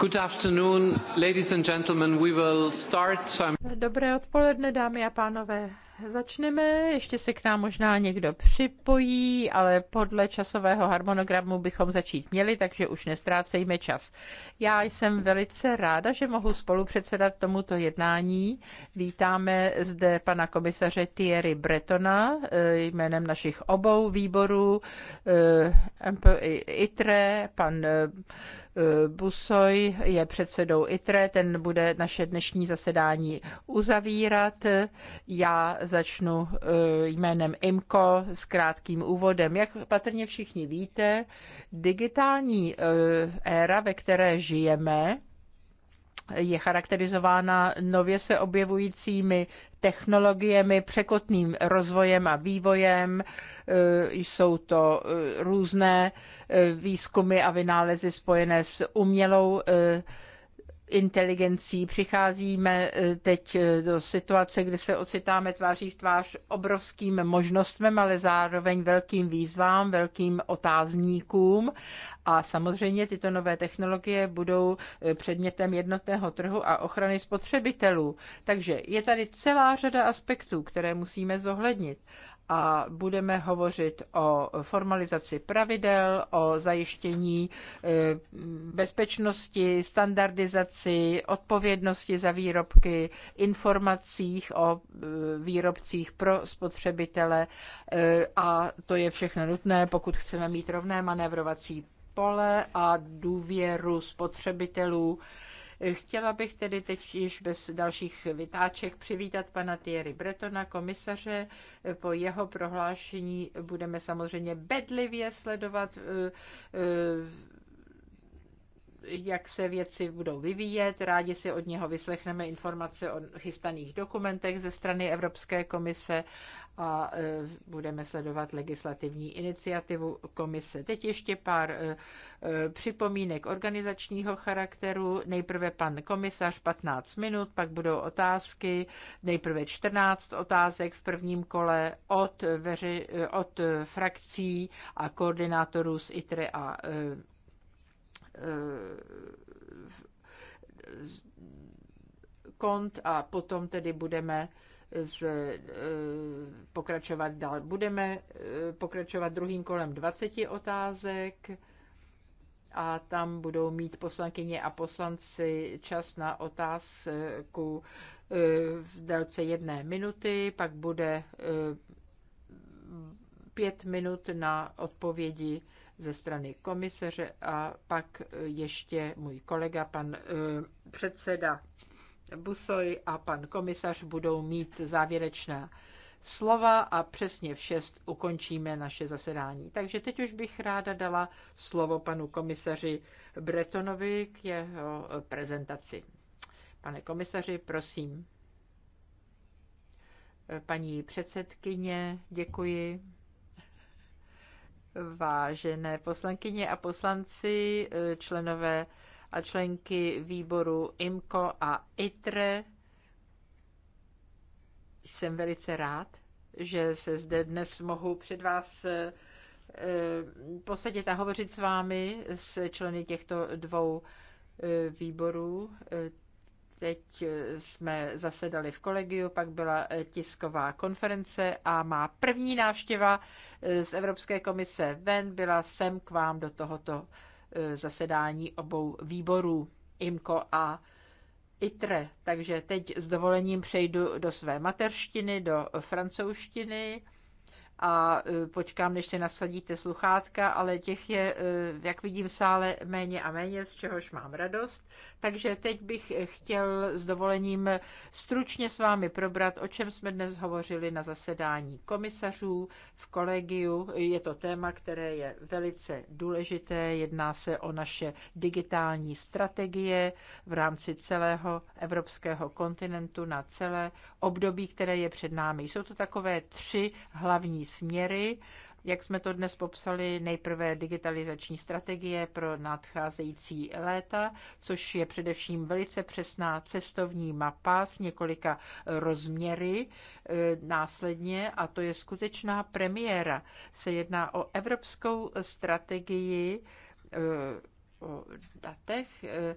Good afternoon, ladies and gentlemen. We will start. Um, Dobré odpoledne, dámy a pánové začneme. Ještě se k nám možná někdo připojí, ale podle časového harmonogramu bychom začít měli, takže už nestrácejme čas. Já jsem velice ráda, že mohu spolupředsedat tomuto jednání. Vítáme zde pana komisaře Thierry Bretona eh, jménem našich obou výborů, eh, ITRE, pan eh, Busoj je předsedou ITRE, ten bude naše dnešní zasedání uzavírat. Já začnu eh, jménem IMCO s krátkým úvodem. Jak patrně všichni víte, digitální eh, éra, ve které žijeme, je charakterizována nově se objevujícími technologiemi, překotným rozvojem a vývojem. E, jsou to e, různé e, výzkumy a vynálezy spojené s umělou inteligencí. Přicházíme teď do situace, kdy se ocitáme tváří v tvář obrovským možnostem, ale zároveň velkým výzvám, velkým otázníkům. A samozřejmě tyto nové technologie budou eh, předmětem jednotného trhu a ochrany spotřebitelů. Takže je tady celá řada aspektů, které musíme zohlednit a budeme hovořit o formalizaci pravidel, o zajištění eh, bezpečnosti, standardizaci, odpovědnosti za výrobky, informacích o eh, výrobcích pro spotřebitele a to je všechno nutné, pokud chceme mít rovné manévrovací pole a důvěru spotřebitelů. Chtěla bych tedy teď již bez dalších vytáček přivítat pana Thierry Bretona, komisaře. Po jeho prohlášení budeme samozřejmě bedlivě sledovat eh, eh, jak se věci budou vyvíjet. Rádi si od něho vyslechneme informace o chystaných dokumentech ze strany Evropské komise a e, budeme sledovat legislativní iniciativu komise. Teď ještě pár e, e, připomínek organizačního charakteru. Nejprve pan komisař 15 minut, pak budou otázky, nejprve 14 otázek v prvním kole od, veři, od frakcí a koordinátorů z ITRE a kont a potom tedy budeme z, e, pokračovat dál. Budeme e, pokračovat druhým kolem 20 otázek a tam budou mít poslankyně a poslanci čas na otázku e, v délce jedné minuty, pak bude pět minut na odpovědi ze strany komisaře a pak ještě můj kolega, pan eh, předseda Busoj a pan komisař budou mít závěrečná slova a přesně v šest ukončíme naše zasedání. Takže teď už bych ráda dala slovo panu komisaři Bretonovi k jeho eh, prezentaci. Pane komisaři, prosím. Eh, paní předsedkyně, děkuji. Vážené poslankyně a poslanci, členové a členky výboru IMCO a ITRE, jsem velice rád, že se zde dnes mohu před vás eh, posadit a hovořit s vámi, s členy těchto dvou eh, výborů. Eh, Teď eh, jsme zasedali v kolegiu, pak byla eh, tisková konference a má první návštěva eh, z Evropské komise ven byla sem k vám do tohoto zasedání obou výborů IMCO a ITRE. Takže teď s dovolením přejdu do své materštiny, do francouzštiny a e, počkám, než si nasadíte sluchátka, ale těch je, e, jak vidím v sále, méně a méně, z čehož mám radost. Takže teď bych e, chtěl s dovolením stručně s vámi probrat, o čem jsme dnes hovořili na zasedání komisařů v kolegiu. Je to téma, které je velice důležité. Jedná se o naše digitální strategie v rámci celého evropského kontinentu na celé období, které je před námi. Jsou to takové tři hlavní směry, jak jsme to dnes popsali, nejprve digitalizační strategie pro nadcházející léta, což je především velice přesná cestovní mapa s několika rozměry e, následně, a to je skutečná premiéra. Se jedná o evropskou strategii e, o datech. E, e,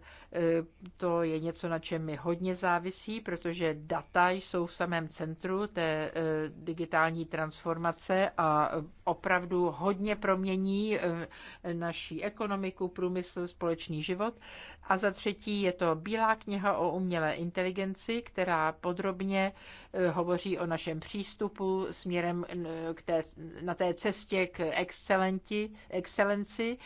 to je něco, na čem mi hodně závisí, protože data jsou v samém centru té e, digitální transformace a opravdu hodně promění naší ekonomiku, průmysl, společný život. A za třetí je to Bílá kniha o umělé inteligenci, která podrobně hovoří o našem přístupu směrem k té, na té cestě k excelenti, excelenci.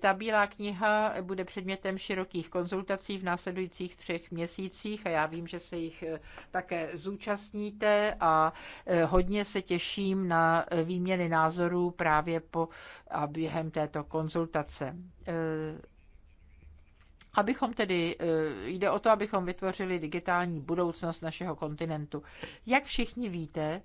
Ta Bílá kniha bude předmětem širokých konzultací v následujících třech měsících a já vím, že se jich eh, také zúčastníte a eh, hodně se těším na eh, výměny názorů právě po a během této konzultace. Abychom tedy, jde o to, abychom vytvořili digitální budoucnost našeho kontinentu. Jak všichni víte,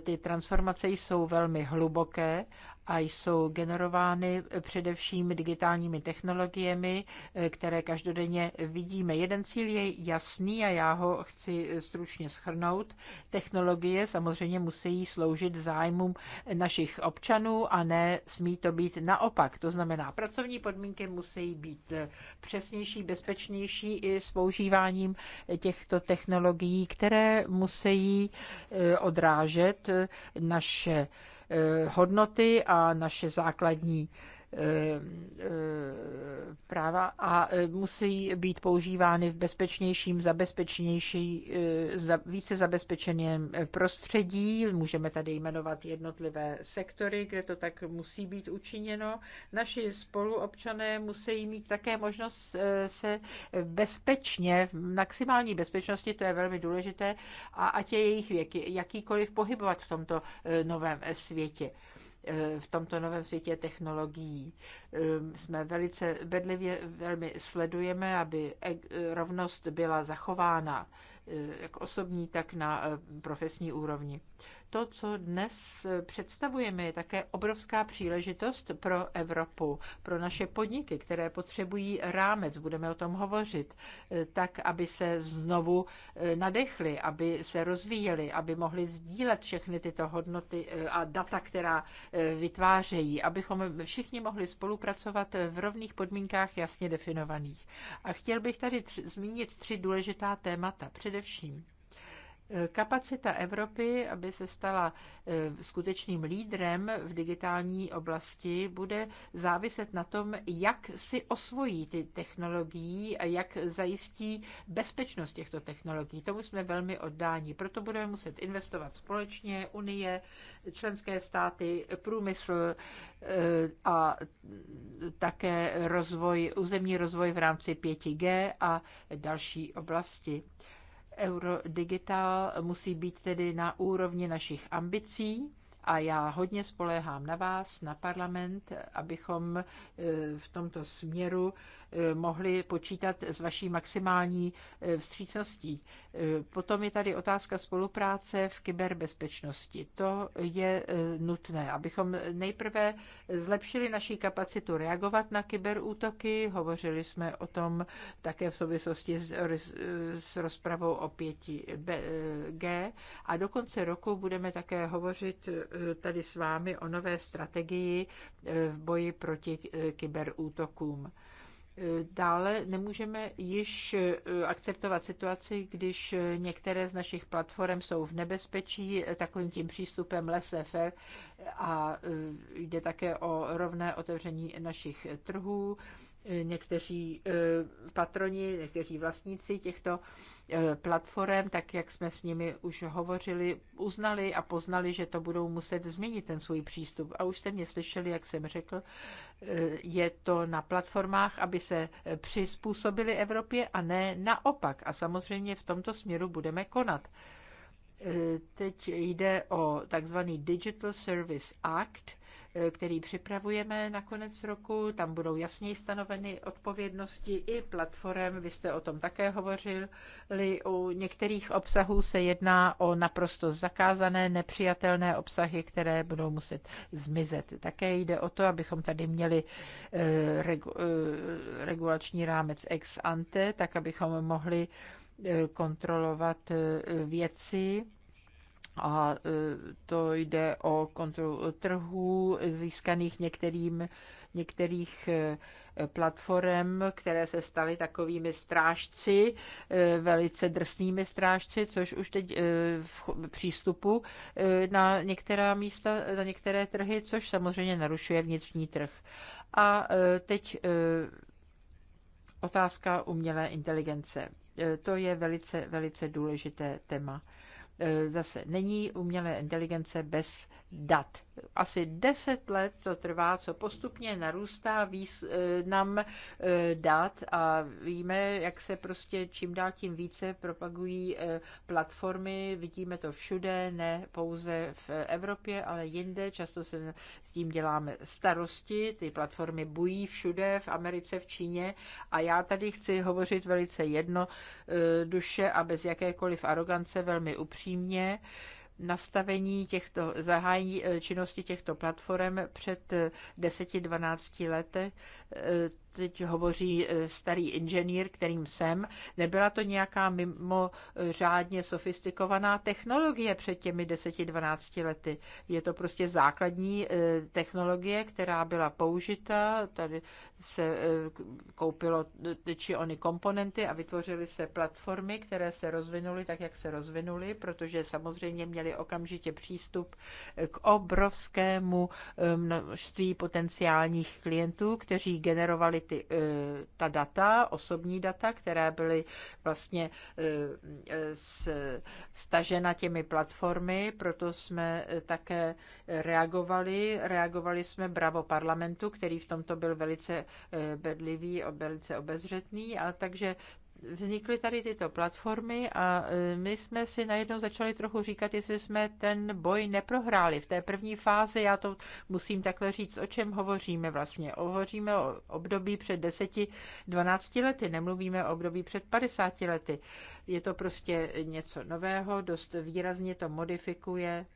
ty transformace jsou velmi hluboké a jsou generovány především digitálními technologiemi, eh, které každodenně vidíme. Jeden cíl je jasný a já ho chci stručně schrnout. Technologie samozřejmě musí sloužit zájmům našich občanů a ne smí to být naopak. To znamená, pracovní podmínky musí být eh, přesnější, bezpečnější i s používáním těchto technologií, které musí eh, odrážet naše Eh, hodnoty a naše základní Eh, eh, práva a eh, musí být používány v bezpečnějším, zabezpečnější, více zabezpečeném prostředí. Můžeme tady jmenovat jednotlivé sektory, kde to tak musí být učiněno. Naši spoluobčané musí mít také možnost se bezpečně, v maximální bezpečnosti, to je velmi důležité, a ať je jejich věk jakýkoliv pohybovat v tomto novém světě. Eh, v tomto novém světě technologií. Ehm, jsme velice bedlivě velmi sledujeme, aby e-, rovnost byla zachována eh, jak osobní, tak na eh, profesní úrovni to, co dnes představujeme, je také obrovská příležitost pro Evropu, pro naše podniky, které potřebují rámec, budeme o tom hovořit, eh, tak, aby se znovu eh, nadechly, aby se rozvíjely, aby mohli sdílet všechny tyto hodnoty eh, a data, která vytvářejí, abychom všichni mohli spolupracovat v rovných podmínkách jasně definovaných. A chtěl bych tady tři, zmínit tři důležitá témata. Především Kapacita Evropy, aby se stala eh, skutečným lídrem v digitální oblasti, bude záviset na tom, jak si osvojí ty technologií a jak zajistí bezpečnost těchto technologií. Tomu jsme velmi oddáni. Proto budeme muset investovat společně, Unie, členské státy, průmysl eh, a také rozvoj, územní rozvoj v rámci 5G a další oblasti. Eurodigital musí být tedy na úrovni našich ambicí a já hodně spoléhám na vás, na parlament, abychom eh, v tomto směru mohli počítat s vaší maximální eh, vstřícností. Eh, potom je tady otázka spolupráce v kyberbezpečnosti. To je eh, nutné, abychom nejprve zlepšili naší kapacitu reagovat na kyberútoky. Hovořili jsme o tom také v souvislosti s, s rozpravou o 5G a do konce roku budeme také hovořit tady s vámi o nové strategii v boji proti kyberútokům. Dále nemůžeme již eh, akceptovat situaci, když eh, některé z našich platform jsou v nebezpečí eh, takovým tím přístupem laissez-faire a jde také o rovné otevření našich trhů. Někteří patroni, někteří vlastníci těchto platform, tak jak jsme s nimi už hovořili, uznali a poznali, že to budou muset změnit ten svůj přístup. A už jste mě slyšeli, jak jsem řekl, Eh, je to na platformách, aby se eh, přizpůsobili Evropě a ne naopak. A samozřejmě v tomto směru budeme konat. Eh, teď jde o takzvaný Digital Service Act, Eh, který připravujeme na konec roku. Tam budou jasněji stanoveny odpovědnosti i platform. Vy jste o tom také hovořili. U některých obsahů se jedná o naprosto zakázané, nepřijatelné obsahy, které budou muset zmizet. Také jde o to, abychom tady měli eh, regu, eh, regulační rámec ex ante, tak abychom mohli kontrolovat věci a e, to jde o kontrolu trhů získaných některým, některých e, platform, které se staly takovými strážci, e, velice drsnými strážci, což už teď v přístupu na některá místa, na některé trhy, což samozřejmě narušuje vnitřní trh. A teď otázka umělé inteligence. To je velice, velice důležité téma. E, zase není umělé inteligence bez dat. Asi deset let to trvá, co postupně narůstá význam e, dat a víme, jak se prostě čím dál tím více propagují e, platformy. Vidíme to všude, ne pouze v Evropě, ale jinde. Často se s tím děláme starosti. Ty platformy bují všude, v Americe, v Číně. A já tady chci hovořit velice jedno duše a bez jakékoliv arogance velmi upřímně upřímně nastavení těchto, zahájení eh, činnosti těchto platform před 10-12 eh, lety eh, teď hovoří e, starý inženýr, kterým jsem, nebyla to nějaká mimořádně sofistikovaná technologie před těmi 10-12 lety. Je to prostě základní e, technologie, která byla použita, tady se e, koupilo či ony komponenty a vytvořily se platformy, které se rozvinuly tak, jak se rozvinuly, protože samozřejmě měli okamžitě přístup k obrovskému množství potenciálních klientů, kteří generovali byly ty, e, ta data, osobní data, která byly vlastně e, e, stažena těmi platformy, proto jsme také reagovali. Reagovali jsme bravo parlamentu, který v tomto byl velice bedlivý, a velice obezřetný a takže vznikly tady tyto platformy a e, my jsme si najednou začali trochu říkat, jestli jsme ten boj neprohráli. V té první fázi, já to musím takhle říct, o čem hovoříme vlastně. Hovoříme o období před 10-12 lety, nemluvíme o období před 50 lety. Je to prostě něco nového, dost výrazně to modifikuje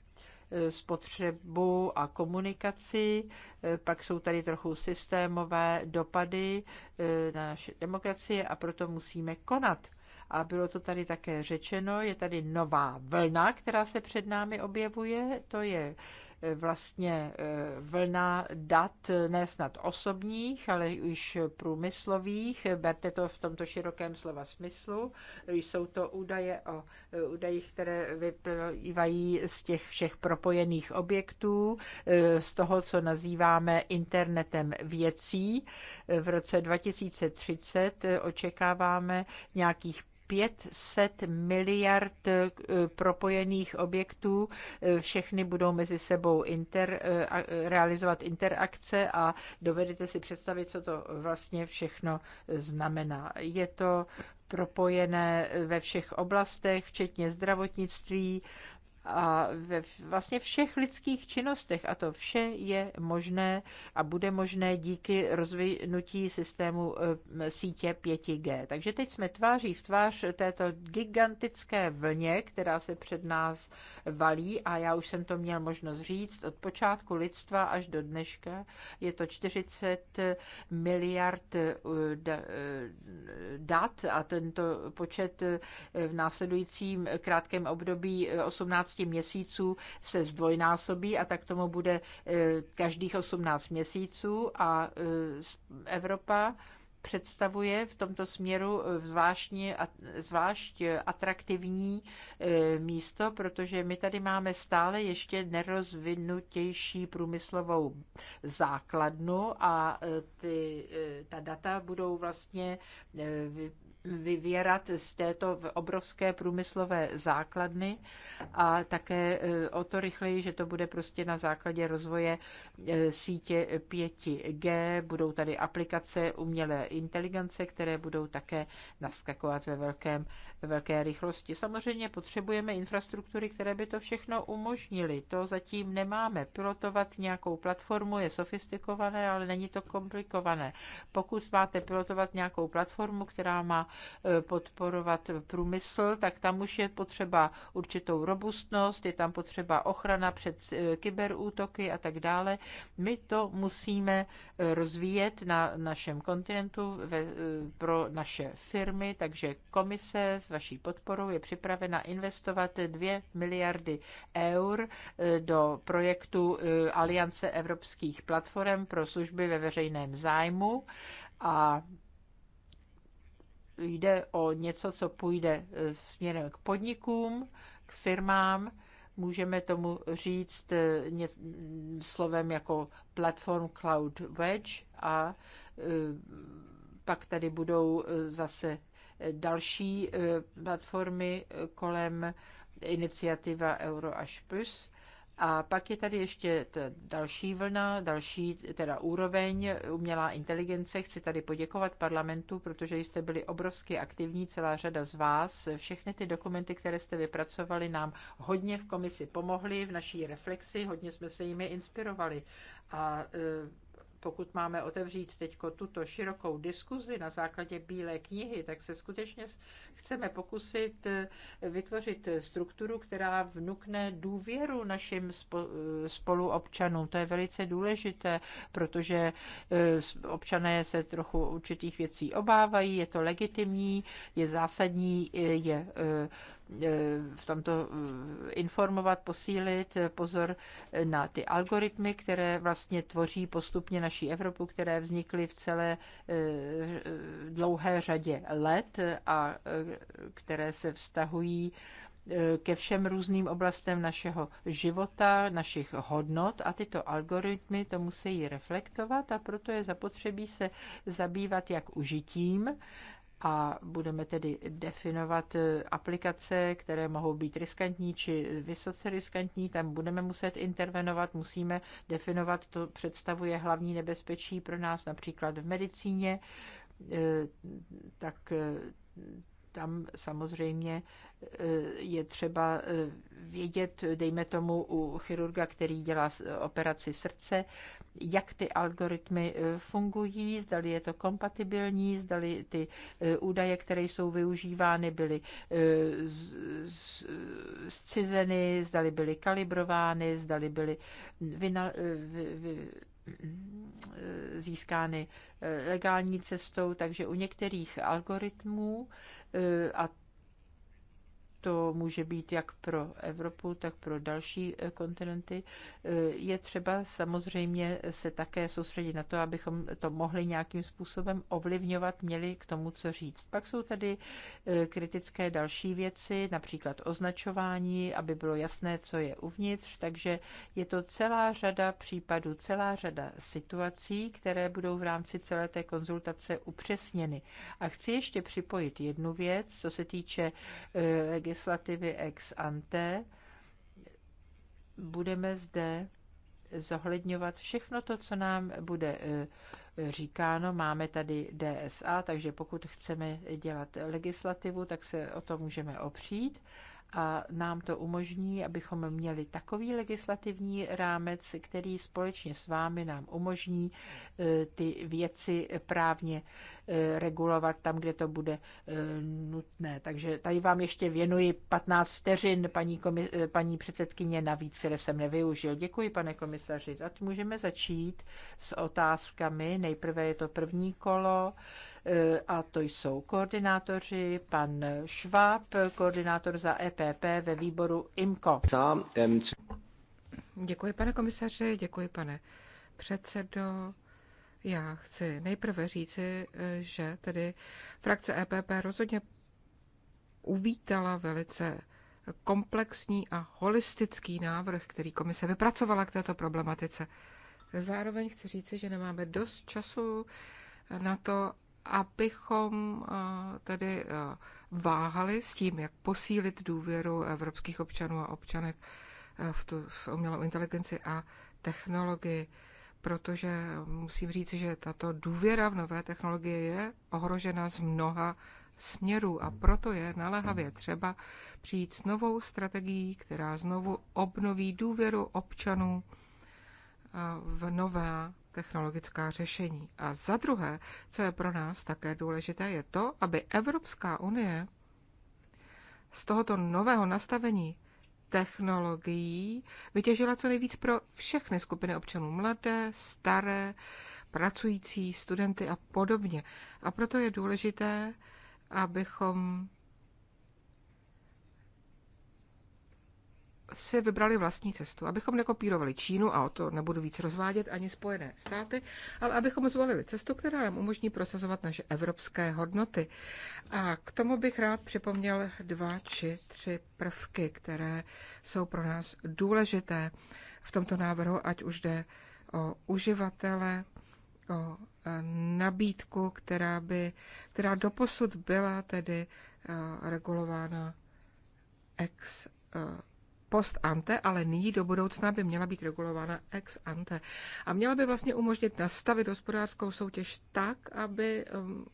Eh, spotřebu a komunikaci, eh, pak jsou tady trochu systémové dopady eh, na naše demokracie a proto musíme konat. A bylo to tady také řečeno, je tady nová vlna, která se před námi objevuje, to je vlastně eh, vlna dat, ne snad osobních, ale už průmyslových, berte to v tomto širokém slova smyslu. Jsou to údaje o eh, údajích, které vyplývají z těch všech propojených objektů, eh, z toho, co nazýváme internetem věcí. V roce 2030 očekáváme nějakých 500 miliard eh, propojených objektů. Eh, všechny budou mezi sebou inter, eh, realizovat interakce a dovedete si představit, co to vlastně všechno znamená. Je to propojené ve všech oblastech, včetně zdravotnictví, a ve vlastně všech lidských činnostech. A to vše je možné a bude možné díky rozvinutí systému eh, sítě 5G. Takže teď jsme tváří v tvář této gigantické vlně, která se před nás valí a já už jsem to měl možnost říct od počátku lidstva až do dneška. Je to 40 miliard eh, eh, dat a tento počet v následujícím krátkém období 18 18 měsíců se zdvojnásobí a tak tomu bude e, každých 18 měsíců a e, Evropa představuje v tomto směru e, zvláštně, zvlášť atraktivní místo, protože my tady máme stále ještě nerozvinutější průmyslovou základnu a ty, ta data budou vlastně vyvěrat z této obrovské průmyslové základny a také e, o to rychleji, že to bude prostě na základě rozvoje e, sítě 5G. Budou tady aplikace umělé inteligence, které budou také naskakovat ve velkém ve velké rychlosti. Samozřejmě potřebujeme infrastruktury, které by to všechno umožnily. To zatím nemáme. Pilotovat nějakou platformu je sofistikované, ale není to komplikované. Pokud máte pilotovat nějakou platformu, která má e, podporovat průmysl, tak tam už je potřeba určitou robustnost, je tam potřeba ochrana před e, kyberútoky a tak dále. My to musíme e, rozvíjet na našem kontinentu ve, pro naše firmy, takže komise z vaší podporou je připravena investovat 2 miliardy eur e, do projektu e, Aliance evropských platform pro služby ve veřejném zájmu a jde o něco, co půjde e, směrem k podnikům, k firmám, můžeme tomu říct ně, slovem jako platform Cloud Wedge a pak tady budou zase další eh, platformy kolem iniciativa Euro až plus. A pak je tady ještě ta další vlna, další teda úroveň umělá inteligence. Chci tady poděkovat parlamentu, protože jste byli obrovsky aktivní, celá řada z vás. Všechny ty dokumenty, které jste vypracovali, nám hodně v komisi pomohly, v naší reflexi, hodně jsme se jimi inspirovali. A eh, pokud máme otevřít teď tuto širokou diskuzi na základě Bílé knihy, tak se skutečně chceme pokusit eh, vytvořit strukturu, která vnukne důvěru našim eh, spoluobčanům. To je velice důležité, protože eh, občané se trochu určitých věcí obávají, je to legitimní, je zásadní, je Eh, v tomto eh, informovat, posílit, eh, pozor na ty algoritmy, které vlastně tvoří postupně naší Evropu, které vznikly v celé dlouhé řadě let a které se vztahují ke všem různým oblastem našeho života, našich hodnot a tyto algoritmy to musí reflektovat a proto je zapotřebí se zabývat jak užitím, a budeme tedy definovat eh, aplikace, které mohou být riskantní či vysoce riskantní. Tam budeme muset intervenovat, musíme definovat, to představuje hlavní nebezpečí pro nás například v medicíně, eh, tak eh, tam samozřejmě e, je třeba e, vědět, dejme tomu u chirurga, který dělá operaci srdce, jak ty algoritmy e, fungují, zdali je to kompatibilní, zdali ty údaje, které jsou využívány, byly zcizeny, zdali byly kalibrovány, zdali byly vynal, získány eh, legální cestou, takže u některých algoritmů eh, a to může být jak pro Evropu, tak pro další eh, kontinenty. Eh, je třeba samozřejmě se také soustředit na to, abychom to mohli nějakým způsobem ovlivňovat, měli k tomu co říct. Pak jsou tady eh, kritické další věci, například označování, aby bylo jasné, co je uvnitř, takže je to celá řada případů, celá řada situací, které budou v rámci celé té konzultace upřesněny. A chci ještě připojit jednu věc, co se týče legislativy ex ante, budeme zde zohledňovat všechno to, co nám bude eh, říkáno. Máme tady DSA, takže pokud chceme dělat legislativu, tak se o to můžeme opřít a nám to umožní, abychom měli takový legislativní rámec, který společně s vámi nám umožní e, ty věci právně e, regulovat tam, kde to bude e, nutné. Takže tady vám ještě věnuji 15 vteřin, paní, komi- paní předsedkyně, navíc, které jsem nevyužil. Děkuji, pane komisaři. A můžeme začít s otázkami. Nejprve je to první kolo. Eh, a to jsou koordinátoři, pan Šváb, koordinátor za EPP ve výboru IMCO. Děkuji, pane komisaři, děkuji, pane předsedo. Já chci nejprve říci, eh, že tedy frakce EPP rozhodně uvítala velice komplexní a holistický návrh, který komise vypracovala k této problematice. Zároveň chci říci, že nemáme dost času na to, abychom eh, tedy eh, váhali s tím, jak posílit důvěru evropských občanů a občanek eh, v tu v umělou inteligenci a technologii, protože musím říct, že tato důvěra v nové technologie je ohrožena z mnoha směrů a proto je naléhavě třeba přijít s novou strategií, která znovu obnoví důvěru občanů v nová technologická řešení. A za druhé, co je pro nás také důležité, je to, aby Evropská unie z tohoto nového nastavení technologií vytěžila co nejvíc pro všechny skupiny občanů, mladé, staré, pracující, studenty a podobně. A proto je důležité, abychom si vybrali vlastní cestu, abychom nekopírovali Čínu, a o to nebudu víc rozvádět ani Spojené státy, ale abychom zvolili cestu, která nám umožní prosazovat naše evropské hodnoty. A k tomu bych rád připomněl dva či tři prvky, které jsou pro nás důležité v tomto návrhu, ať už jde o uživatele, o e, nabídku, která, by, která doposud byla tedy e, regulována ex e, post ante, ale nyní do budoucna by měla být regulována ex ante. A měla by vlastně umožnit nastavit hospodářskou soutěž tak, aby um,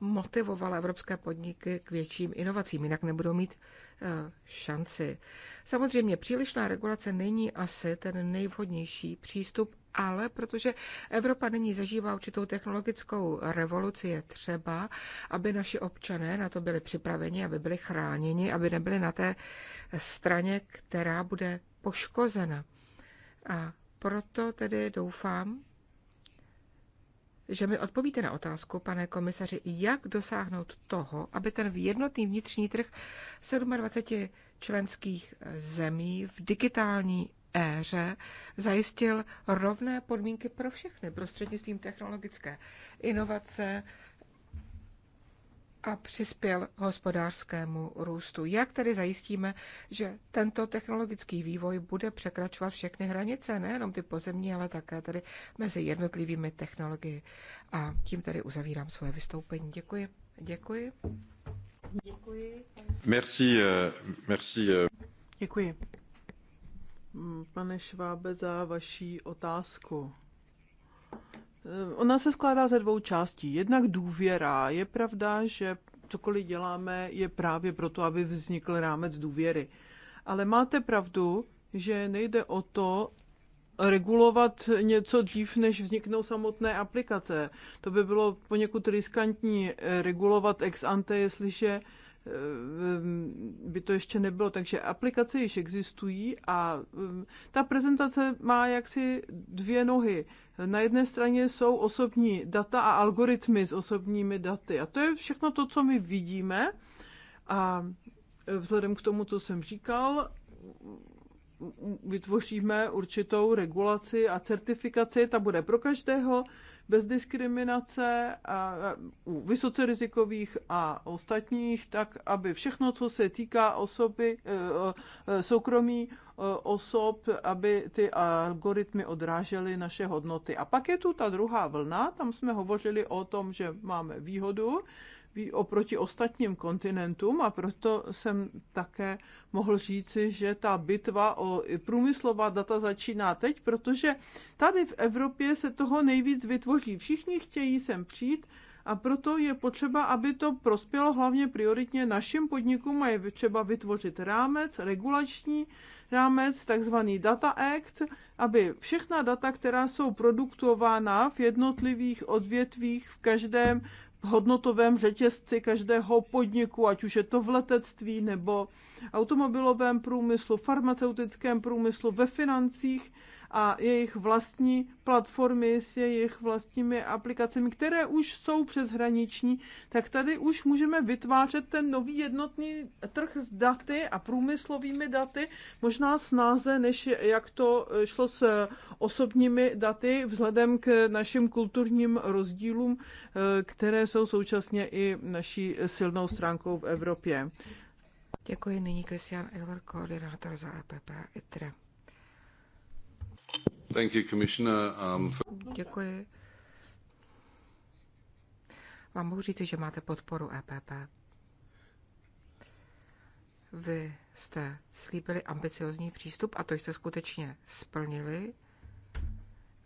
motivovala evropské podniky k větším inovacím, jinak nebudou mít uh, šanci. Samozřejmě přílišná regulace není asi ten nejvhodnější přístup, ale protože Evropa nyní zažívá určitou technologickou revoluci, je třeba, aby naši občané na to byli připraveni, aby byli chráněni, aby nebyli na té straně, která bude poškozena. A proto tedy doufám, že mi odpovíte na otázku, pane komisaři, jak dosáhnout toho, aby ten jednotný vnitřní trh 27 členských zemí v digitální éře zajistil rovné podmínky pro všechny prostřednictvím technologické inovace a přispěl hospodářskému růstu. Jak tedy zajistíme, že tento technologický vývoj bude překračovat všechny hranice, nejenom ty pozemní, ale také tedy mezi jednotlivými technologii. A tím tedy uzavírám svoje vystoupení. Děkuji. Děkuji. Děkuji. Merci, eh, merci. Eh. Děkuji. Mm, pane Švábe, za vaší otázku. Eh, ona se skládá ze dvou částí. Jednak důvěra. Je pravda, že cokoliv děláme je právě proto, aby vznikl rámec důvěry. Ale máte pravdu, že nejde o to regulovat něco dřív, než vzniknou samotné aplikace. To by bylo poněkud riskantní eh, regulovat ex ante, jestliže Ehm, by to ještě nebylo, takže aplikace již existují a ehm, ta prezentace má jaksi dvě nohy. Na jedné straně jsou osobní data a algoritmy s osobními daty a to je všechno to, co my vidíme a e, vzhledem k tomu, co jsem říkal, vytvoříme určitou regulaci a certifikaci, ta bude pro každého, bez diskriminace a, u vysoce rizikových a ostatních, tak aby všechno, co se týká osoby, e, e, soukromí e, osob, aby ty algoritmy odrážely naše hodnoty. A pak je tu ta druhá vlna, tam jsme hovořili o tom, že máme výhodu, oproti ostatním kontinentům a proto jsem také mohl říci, že ta bitva o průmyslová data začíná teď, protože tady v Evropě se toho nejvíc vytvoří. Všichni chtějí sem přijít a proto je potřeba, aby to prospělo hlavně prioritně našim podnikům a je třeba vytvořit rámec, regulační rámec, takzvaný Data Act, aby všechna data, která jsou produktována v jednotlivých odvětvích v každém hodnotovém řetězci každého podniku, ať už je to v letectví nebo automobilovém průmyslu, farmaceutickém průmyslu, ve financích a jejich vlastní platformy s jejich vlastními aplikacemi, které už jsou přeshraniční, tak tady už můžeme vytvářet ten nový jednotný trh s daty a průmyslovými daty, možná snáze, než jak to eh, šlo s osobními daty, vzhledem k našim kulturním rozdílům, eh, které jsou současně i naší silnou stránkou v Evropě. Děkuji nyní Kristian Eller, koordinátor za EPP ITRE. Um, Děkuji. Vám mohu říct, že máte podporu EPP. Vy jste slíbili ambiciozní přístup a to jste skutečně splnili.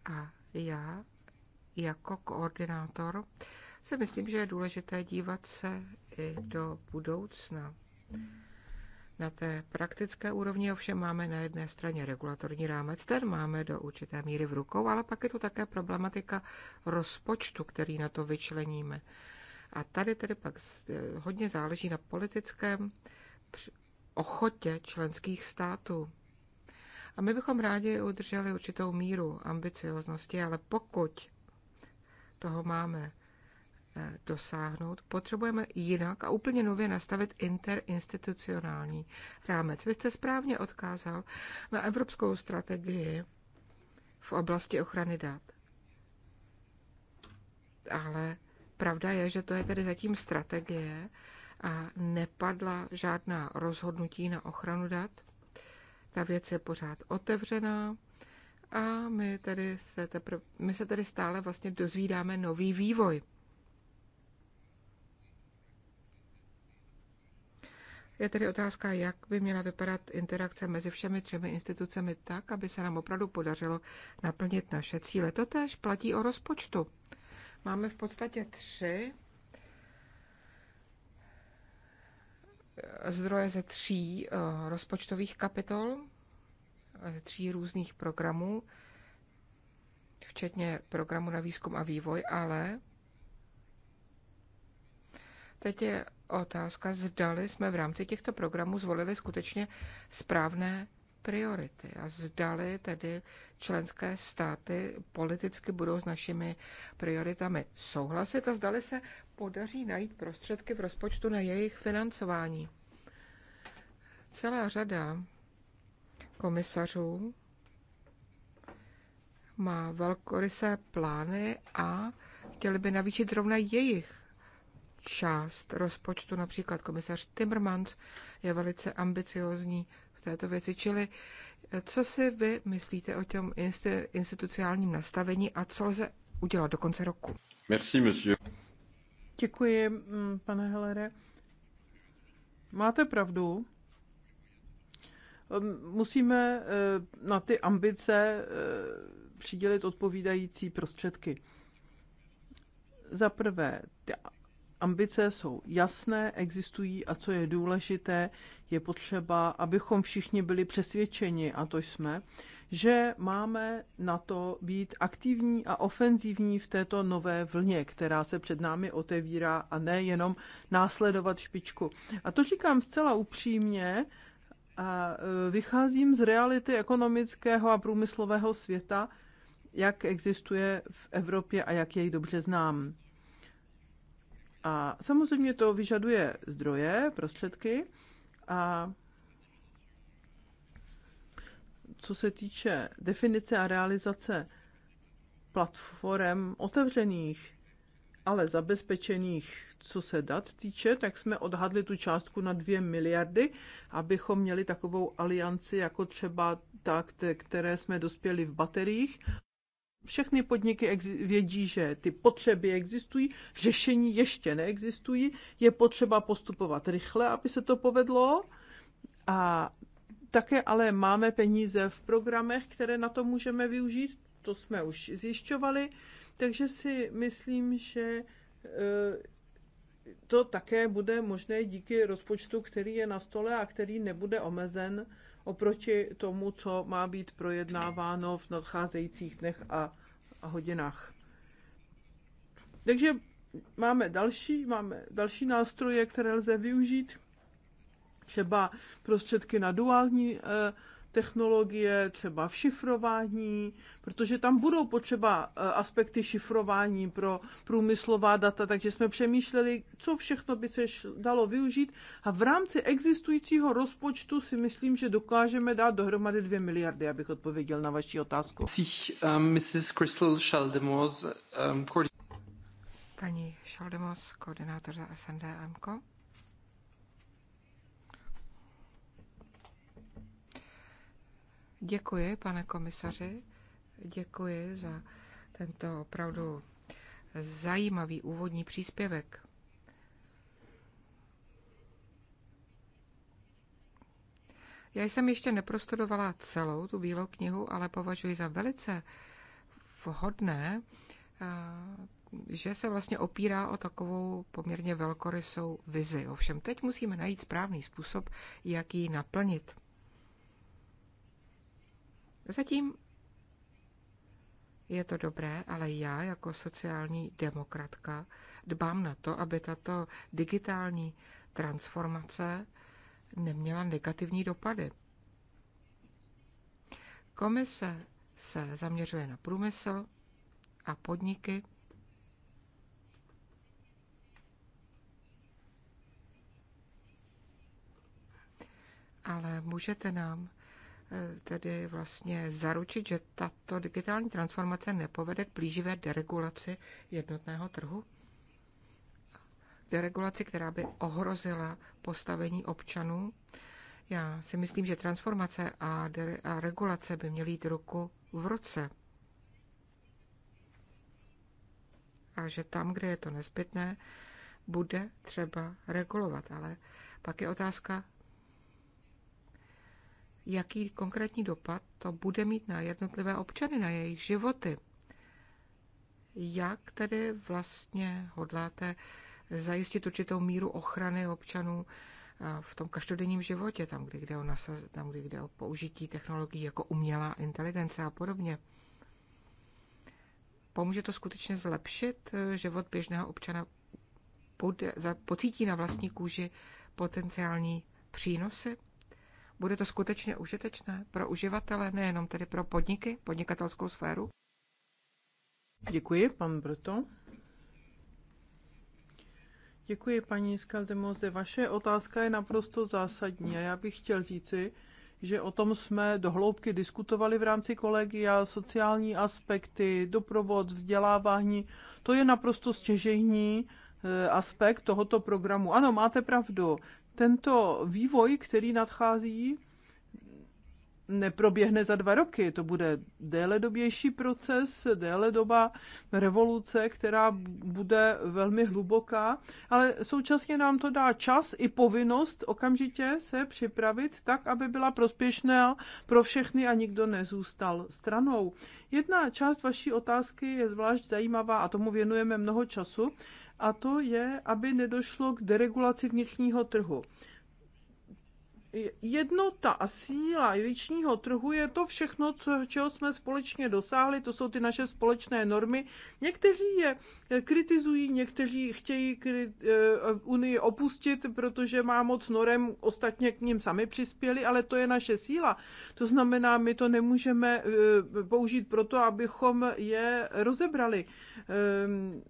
A já jako koordinátor si myslím, že je důležité dívat se i do budoucna. Na té praktické úrovni ovšem máme na jedné straně regulatorní rámec, ten máme do určité míry v rukou, ale pak je tu také problematika rozpočtu, který na to vyčleníme. A tady tedy pak eh, hodně záleží na politickém ochotě členských států. A my bychom rádi udrželi určitou míru ambicioznosti, ale pokud toho máme Eh, dosáhnout, potřebujeme jinak a úplně nově nastavit interinstitucionální rámec. Vy jste správně odkázal na evropskou strategii v oblasti ochrany dat. Ale pravda je, že to je tedy zatím strategie a nepadla žádná rozhodnutí na ochranu dat. Ta věc je pořád otevřená a my, tedy se, teprve, my se tedy stále vlastně dozvídáme nový vývoj. Je tedy otázka, jak by měla vypadat interakce mezi všemi třemi institucemi tak, aby se nám opravdu podařilo naplnit naše cíle. To též platí o rozpočtu. Máme v podstatě tři zdroje ze tří eh, rozpočtových kapitol, ze tří různých programů, včetně programu na výzkum a vývoj, ale Teď je otázka, zdali jsme v rámci těchto programů zvolili skutečně správné priority a zdali tedy členské státy politicky budou s našimi prioritami souhlasit a zdali se podaří najít prostředky v rozpočtu na jejich financování. Celá řada komisařů má velkorysé plány a chtěli by navýšit zrovna jejich část rozpočtu, například komisař Timmermans je velice ambiciozní v této věci. Čili eh, co si vy myslíte o tom institucionálním nastavení a co lze udělat do konce roku? Merci, monsieur. Děkuji, mm, pane Helere. Máte pravdu. Ehm, musíme eh, na ty ambice eh, přidělit odpovídající prostředky. Za prvé, ambice jsou jasné, existují a co je důležité, je potřeba, abychom všichni byli přesvědčeni, a to jsme, že máme na to být aktivní a ofenzivní v této nové vlně, která se před námi otevírá a ne jenom následovat špičku. A to říkám zcela upřímně, a e, vycházím z reality ekonomického a průmyslového světa, jak existuje v Evropě a jak jej dobře znám. A samozřejmě to vyžaduje zdroje, prostředky a co se týče definice a realizace platform otevřených, ale zabezpečených, co se dat týče, tak jsme odhadli tu částku na 2 miliardy, abychom měli takovou alianci jako třeba ta, které jsme dospěli v bateriích všechny podniky vědí, že ty potřeby existují, řešení ještě neexistují, je potřeba postupovat rychle, aby se to povedlo. A také ale máme peníze v programech, které na to můžeme využít, to jsme už zjišťovali, takže si myslím, že eh, to také bude možné díky rozpočtu, který je na stole a který nebude omezen oproti tomu, co má být projednáváno v nadcházejících dnech a, a hodinách. Takže máme další, máme další nástroje, které lze využít, třeba prostředky na duální eh, technologie, třeba v šifrování, protože tam budou potřeba e, aspekty šifrování pro průmyslová data, takže jsme přemýšleli, co všechno by se dalo využít a v rámci existujícího rozpočtu si myslím, že dokážeme dát dohromady dvě miliardy, abych odpověděl na vaši otázku. Mrs. Um, Crystal um, Paní Šaldemos, koordinátor za SND MKO. Děkuji, pane komisaři, děkuji za tento opravdu zajímavý úvodní příspěvek. Já jsem ještě neprostudovala celou tu bílou knihu, ale považuji za velice vhodné, eh, že se vlastně opírá o takovou poměrně velkorysou vizi. Ovšem teď musíme najít správný způsob, jak ji naplnit. Zatím je to dobré, ale já jako sociální demokratka dbám na to, aby tato digitální transformace neměla negativní dopady. Komise se zaměřuje na průmysl a podniky. Ale můžete nám tedy vlastně zaručit, že tato digitální transformace nepovede k blíživé deregulaci jednotného trhu? Deregulaci, která by ohrozila postavení občanů? Já si myslím, že transformace a, a regulace by měly jít ruku v ruce. A že tam, kde je to nezbytné, bude třeba regulovat. Ale pak je otázka, jaký konkrétní dopad to bude mít na jednotlivé občany, na jejich životy. Jak tedy vlastně hodláte zajistit určitou míru ochrany občanů eh, v tom každodenním životě, tam, kdy jde o, nasaz, tam, kdy jde o použití technologií jako umělá inteligence a podobně. Pomůže to skutečně zlepšit eh, život běžného občana? Pod, za, pocítí na vlastní kůži potenciální přínosy? Bude to skutečně užitečné pro uživatele, nejenom tedy pro podniky, podnikatelskou sféru? Děkuji, pan Brto. Děkuji, paní Skaldemoze. Vaše otázka je naprosto zásadní a já bych chtěl říci, že o tom jsme dohloubky diskutovali v rámci kolegia, sociální aspekty, doprovod, vzdělávání. To je naprosto stěžejní eh, aspekt tohoto programu. Ano, máte pravdu tento vývoj, který nadchází, neproběhne za dva roky. To bude déle dobější proces, déle doba revoluce, která bude velmi hluboká, ale současně nám to dá čas i povinnost okamžitě se připravit tak, aby byla prospěšná pro všechny a nikdo nezůstal stranou. Jedna část vaší otázky je zvlášť zajímavá a tomu věnujeme mnoho času a to je, aby nedošlo k deregulaci vnitřního trhu. Jednota a síla vnitřního trhu je to všechno, co, čeho jsme společně dosáhli, to jsou ty naše společné normy. Někteří je kritizují, někteří chtějí kri- eh, Unii opustit, protože má moc norem, ostatně k ním sami přispěli, ale to je naše síla. To znamená, my to nemůžeme eh, použít proto, abychom je rozebrali ehm,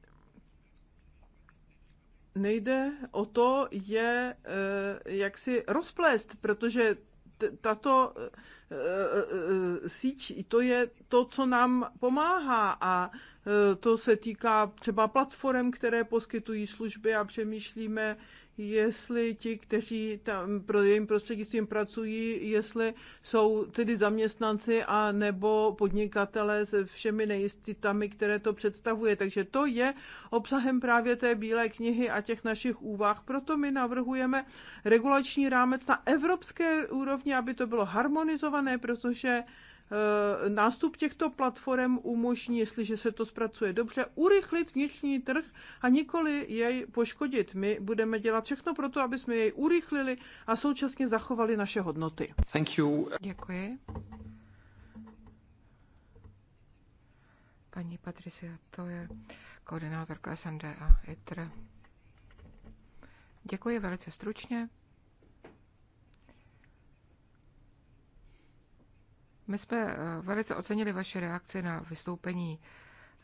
nejde o to je eh, jak si rozplést, protože tato eh, eh, síť, to je to, co nám pomáhá a to se týká třeba platform, které poskytují služby a přemýšlíme, jestli ti, kteří tam pro jejím prostřednictvím pracují, jestli jsou tedy zaměstnanci a nebo podnikatelé se všemi nejistitami, které to představuje. Takže to je obsahem právě té bílé knihy a těch našich úvah. Proto my navrhujeme regulační rámec na evropské úrovni, aby to bylo harmonizované, protože Eh, nástup těchto platform umožní, jestliže se to zpracuje dobře, urychlit vnitřní trh a nikoli jej poškodit. My budeme dělat všechno pro to, aby jsme jej urychlili a současně zachovali naše hodnoty. Thank you. Děkuji. Paní Patricia, to je koordinátorka SND a ITR. Děkuji velice stručně. My jsme eh, velice ocenili vaše reakci na vystoupení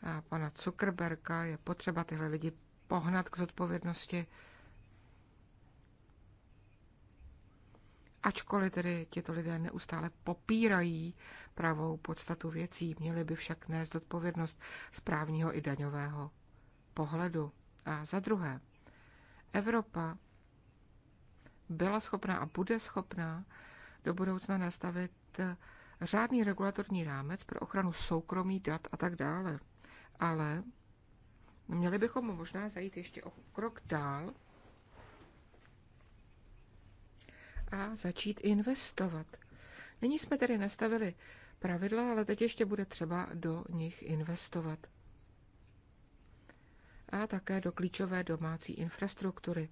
eh, pana Zuckerberka. Je potřeba tyhle lidi pohnat k zodpovědnosti. Ačkoliv tedy těto lidé neustále popírají pravou podstatu věcí, měli by však nést odpovědnost správního i daňového pohledu. A za druhé, Evropa byla schopná a bude schopná do budoucna nastavit eh, řádný regulatorní rámec pro ochranu soukromí dat a tak dále. Ale měli bychom možná zajít ještě o krok dál a začít investovat. Nyní jsme tedy nastavili pravidla, ale teď ještě bude třeba do nich investovat. A také do klíčové domácí infrastruktury.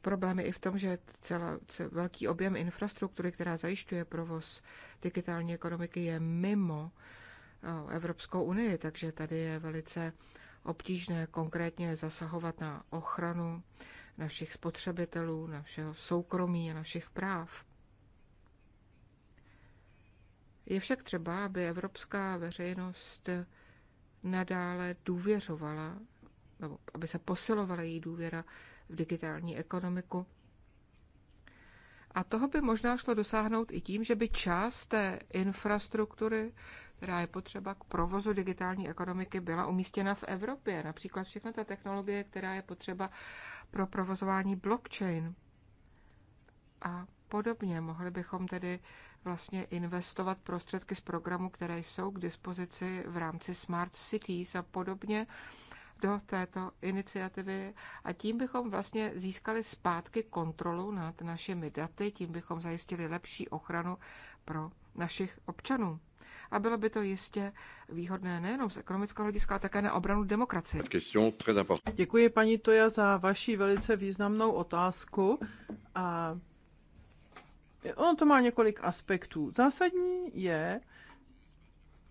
Problém je i v tom, že celá, cel, velký objem infrastruktury, která zajišťuje provoz digitální ekonomiky, je mimo eh, Evropskou unii, takže tady je velice obtížné konkrétně zasahovat na ochranu našich spotřebitelů, našeho soukromí a našich práv. Je však třeba, aby evropská veřejnost nadále důvěřovala, nebo aby se posilovala její důvěra v digitální ekonomiku. A toho by možná šlo dosáhnout i tím, že by část té infrastruktury, která je potřeba k provozu digitální ekonomiky, byla umístěna v Evropě. Například všechna ta technologie, která je potřeba pro provozování blockchain a podobně. Mohli bychom tedy vlastně investovat prostředky z programu, které jsou k dispozici v rámci Smart Cities a podobně do této iniciativy a tím bychom vlastně získali zpátky kontrolu nad našimi daty, tím bychom zajistili lepší ochranu pro našich občanů. A bylo by to jistě výhodné nejenom z ekonomického hlediska, ale také na obranu demokracie. Děkuji paní Toja za vaši velice významnou otázku. A ono to má několik aspektů. Zásadní je,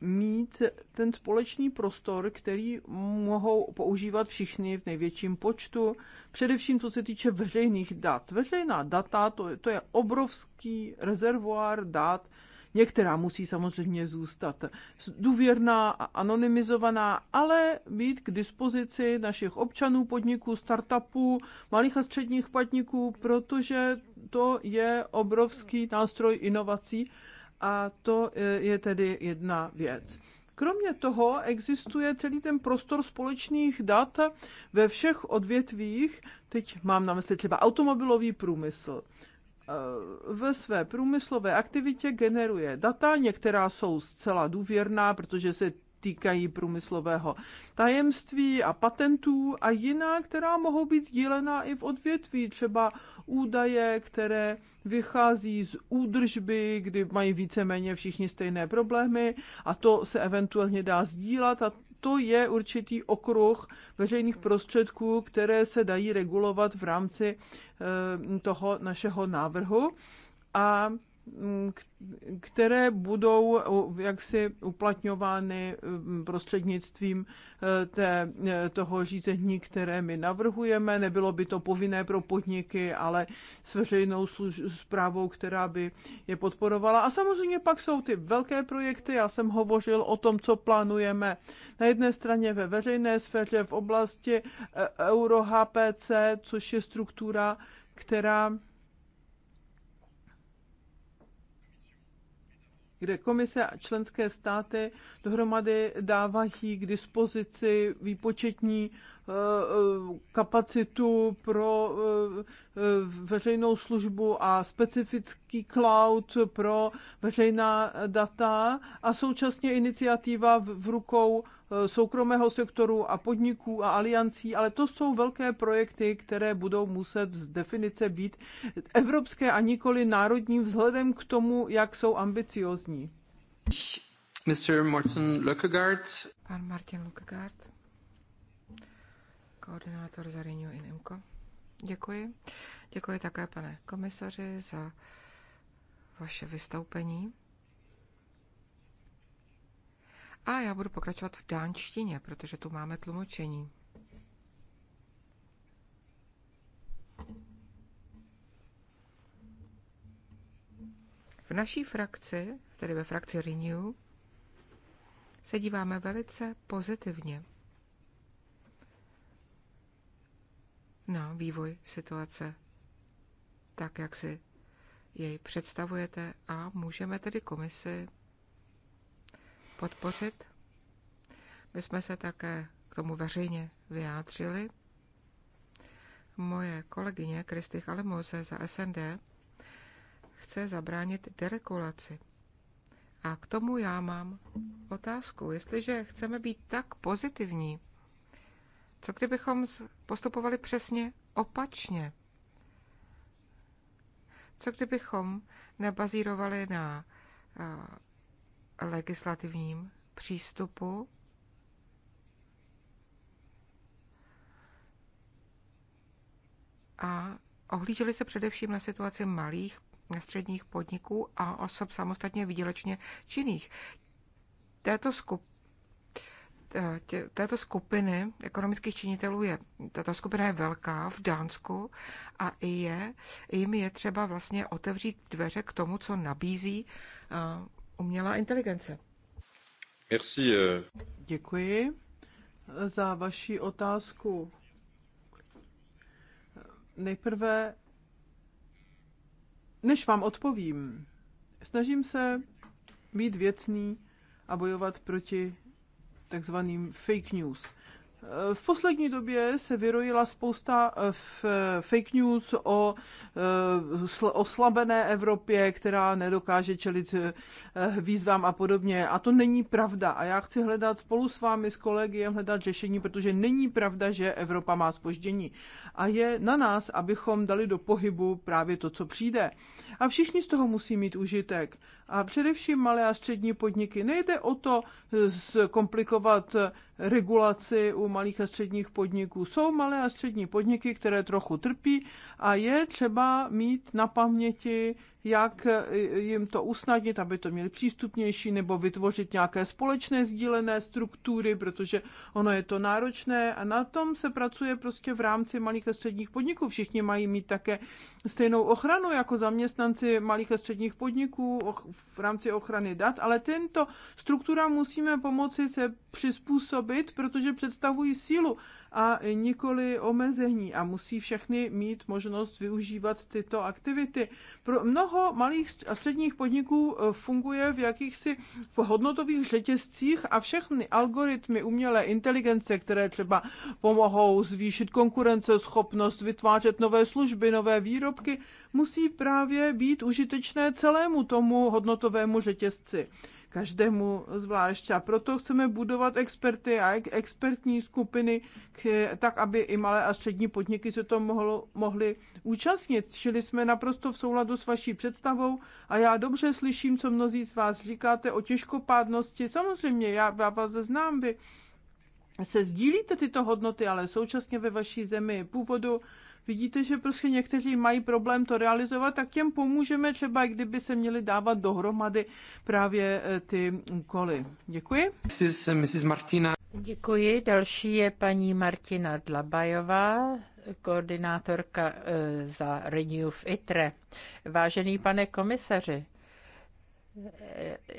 mít ten společný prostor, který mohou používat všichni v největším počtu, především co se týče veřejných dat. Veřejná data, to, to je obrovský rezervoár dat, Některá musí samozřejmě zůstat důvěrná a anonymizovaná, ale být k dispozici našich občanů, podniků, startupů, malých a středních podniků, protože to je obrovský nástroj inovací a to e, je tedy jedna věc. Kromě toho existuje celý ten prostor společných dat ve všech odvětvích. Teď mám na mysli třeba automobilový průmysl. E, ve své průmyslové aktivitě generuje data, některá jsou zcela důvěrná, protože se týkají průmyslového tajemství a patentů a jiná, která mohou být sdílená i v odvětví, třeba údaje, které vychází z údržby, kdy mají víceméně všichni stejné problémy a to se eventuálně dá sdílat a to je určitý okruh veřejných prostředků, které se dají regulovat v rámci eh, toho našeho návrhu. A Mm, které budou jaksi uplatňovány mm, prostřednictvím eh, té, eh, toho řízení, které my navrhujeme. Nebylo by to povinné pro podniky, ale s veřejnou zprávou, která by je podporovala. A samozřejmě pak jsou ty velké projekty. Já jsem hovořil o tom, co plánujeme na jedné straně ve veřejné sféře v oblasti eh, Euro HPC, což je struktura, která kde komise a členské státy dohromady dávají k dispozici výpočetní eh, eh, kapacitu pro eh, veřejnou službu a specifický cloud pro veřejná data a současně iniciativa v rukou Eh, soukromého sektoru a podniků a aliancí, ale to jsou velké projekty, které budou muset z definice být evropské a nikoli národní vzhledem k tomu, jak jsou ambiciozní. Mr. Martin Lukegaard. Pan Martin Lukegaard, koordinátor za Renew in IMCO. Děkuji. Děkuji také, pane komisaři, za vaše vystoupení. A já budu pokračovat v dánštině, protože tu máme tlumočení. V naší frakci, tedy ve frakci Renew, se díváme velice pozitivně na vývoj situace tak, jak si jej představujete a můžeme tedy komisi podpořit. My jsme se také k tomu veřejně vyjádřili. Moje kolegyně Kristy Chalemose za SND chce zabránit deregulaci. A k tomu já mám otázku. Jestliže chceme být tak pozitivní, co kdybychom postupovali přesně opačně? Co kdybychom nebazírovali na legislativním přístupu. A ohlíželi se především na situaci malých středních podniků a osob samostatně výdělečně činných. Této, skup, tě, této skupiny ekonomických činitelů je, tato skupina je velká v Dánsku a je, jim je třeba vlastně otevřít dveře k tomu, co nabízí eh, umělá inteligence. Merci. Eh. Děkuji za vaši otázku. Nejprve, než vám odpovím, snažím se být věcný a bojovat proti takzvaným fake news. Eh, v poslední době se vyrojila spousta eh, fake news o eh, oslabené Evropě, která nedokáže čelit výzvám a podobně. A to není pravda. A já chci hledat spolu s vámi, s kolegy hledat řešení, protože není pravda, že Evropa má spoždění. A je na nás, abychom dali do pohybu právě to, co přijde. A všichni z toho musí mít užitek a především malé a střední podniky. Nejde o to eh, zkomplikovat eh, regulaci u malých a středních podniků. Jsou malé a střední podniky, které trochu trpí a je třeba mít na paměti, jak e, jim to usnadnit, aby to měli přístupnější, nebo vytvořit nějaké společné sdílené struktury, protože ono je to náročné a na tom se pracuje prostě v rámci malých a středních podniků. Všichni mají mít také stejnou ochranu jako zaměstnanci malých a středních podniků v rámci ochrany dat, ale tento struktura musíme pomoci se přizpůsobit, protože představují sílu a nikoli omezení a musí všechny mít možnost využívat tyto aktivity. Pro mnoho malých a středních podniků eh, funguje v jakýchsi hodnotových řetězcích a všechny algoritmy umělé inteligence, které třeba pomohou zvýšit konkurenceschopnost, vytvářet nové služby, nové výrobky, musí právě být užitečné celému tomu hodnotovému řetězci každému zvlášť. A proto chceme budovat experty a expertní skupiny, tak aby i malé a střední podniky se to mohlo, mohly účastnit. Čili jsme naprosto v souladu s vaší představou a já dobře slyším, co mnozí z vás říkáte o těžkopádnosti. Samozřejmě, já, já vás znám, vy se sdílíte tyto hodnoty, ale současně ve vaší zemi původu vidíte, že prostě někteří mají problém to realizovat, tak těm pomůžeme třeba, kdyby se měli dávat dohromady právě eh, ty úkoly. Děkuji. Mrs. Eh, Mrs. Martina. Děkuji. Další je paní Martina Dlabajová, koordinátorka eh, za Renew v ITRE. Vážený pane komisaři,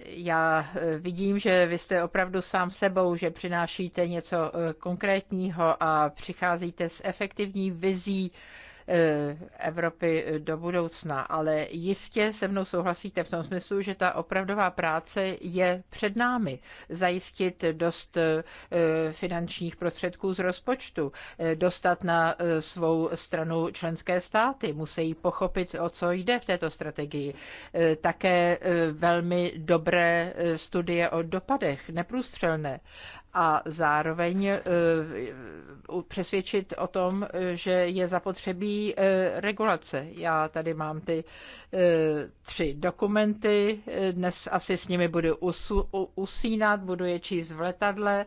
já eh, vidím, že vy jste opravdu sám sebou, že přinášíte něco eh, konkrétního a přicházíte s efektivní vizí Eh, Evropy eh, do budoucna, ale jistě se mnou souhlasíte v tom smyslu, že ta opravdová práce je před námi. Zajistit dost eh, finančních prostředků z rozpočtu, dostat na svou stranu členské státy, musí pochopit, o co jde v této strategii. Také velmi dobré studie o dopadech, neprůstřelné a zároveň eh, přesvědčit o tom, eh, že je zapotřebí eh, regulace. Já tady mám ty tři dokumenty, dnes asi s nimi budu usu, usínat, budu je číst v letadle,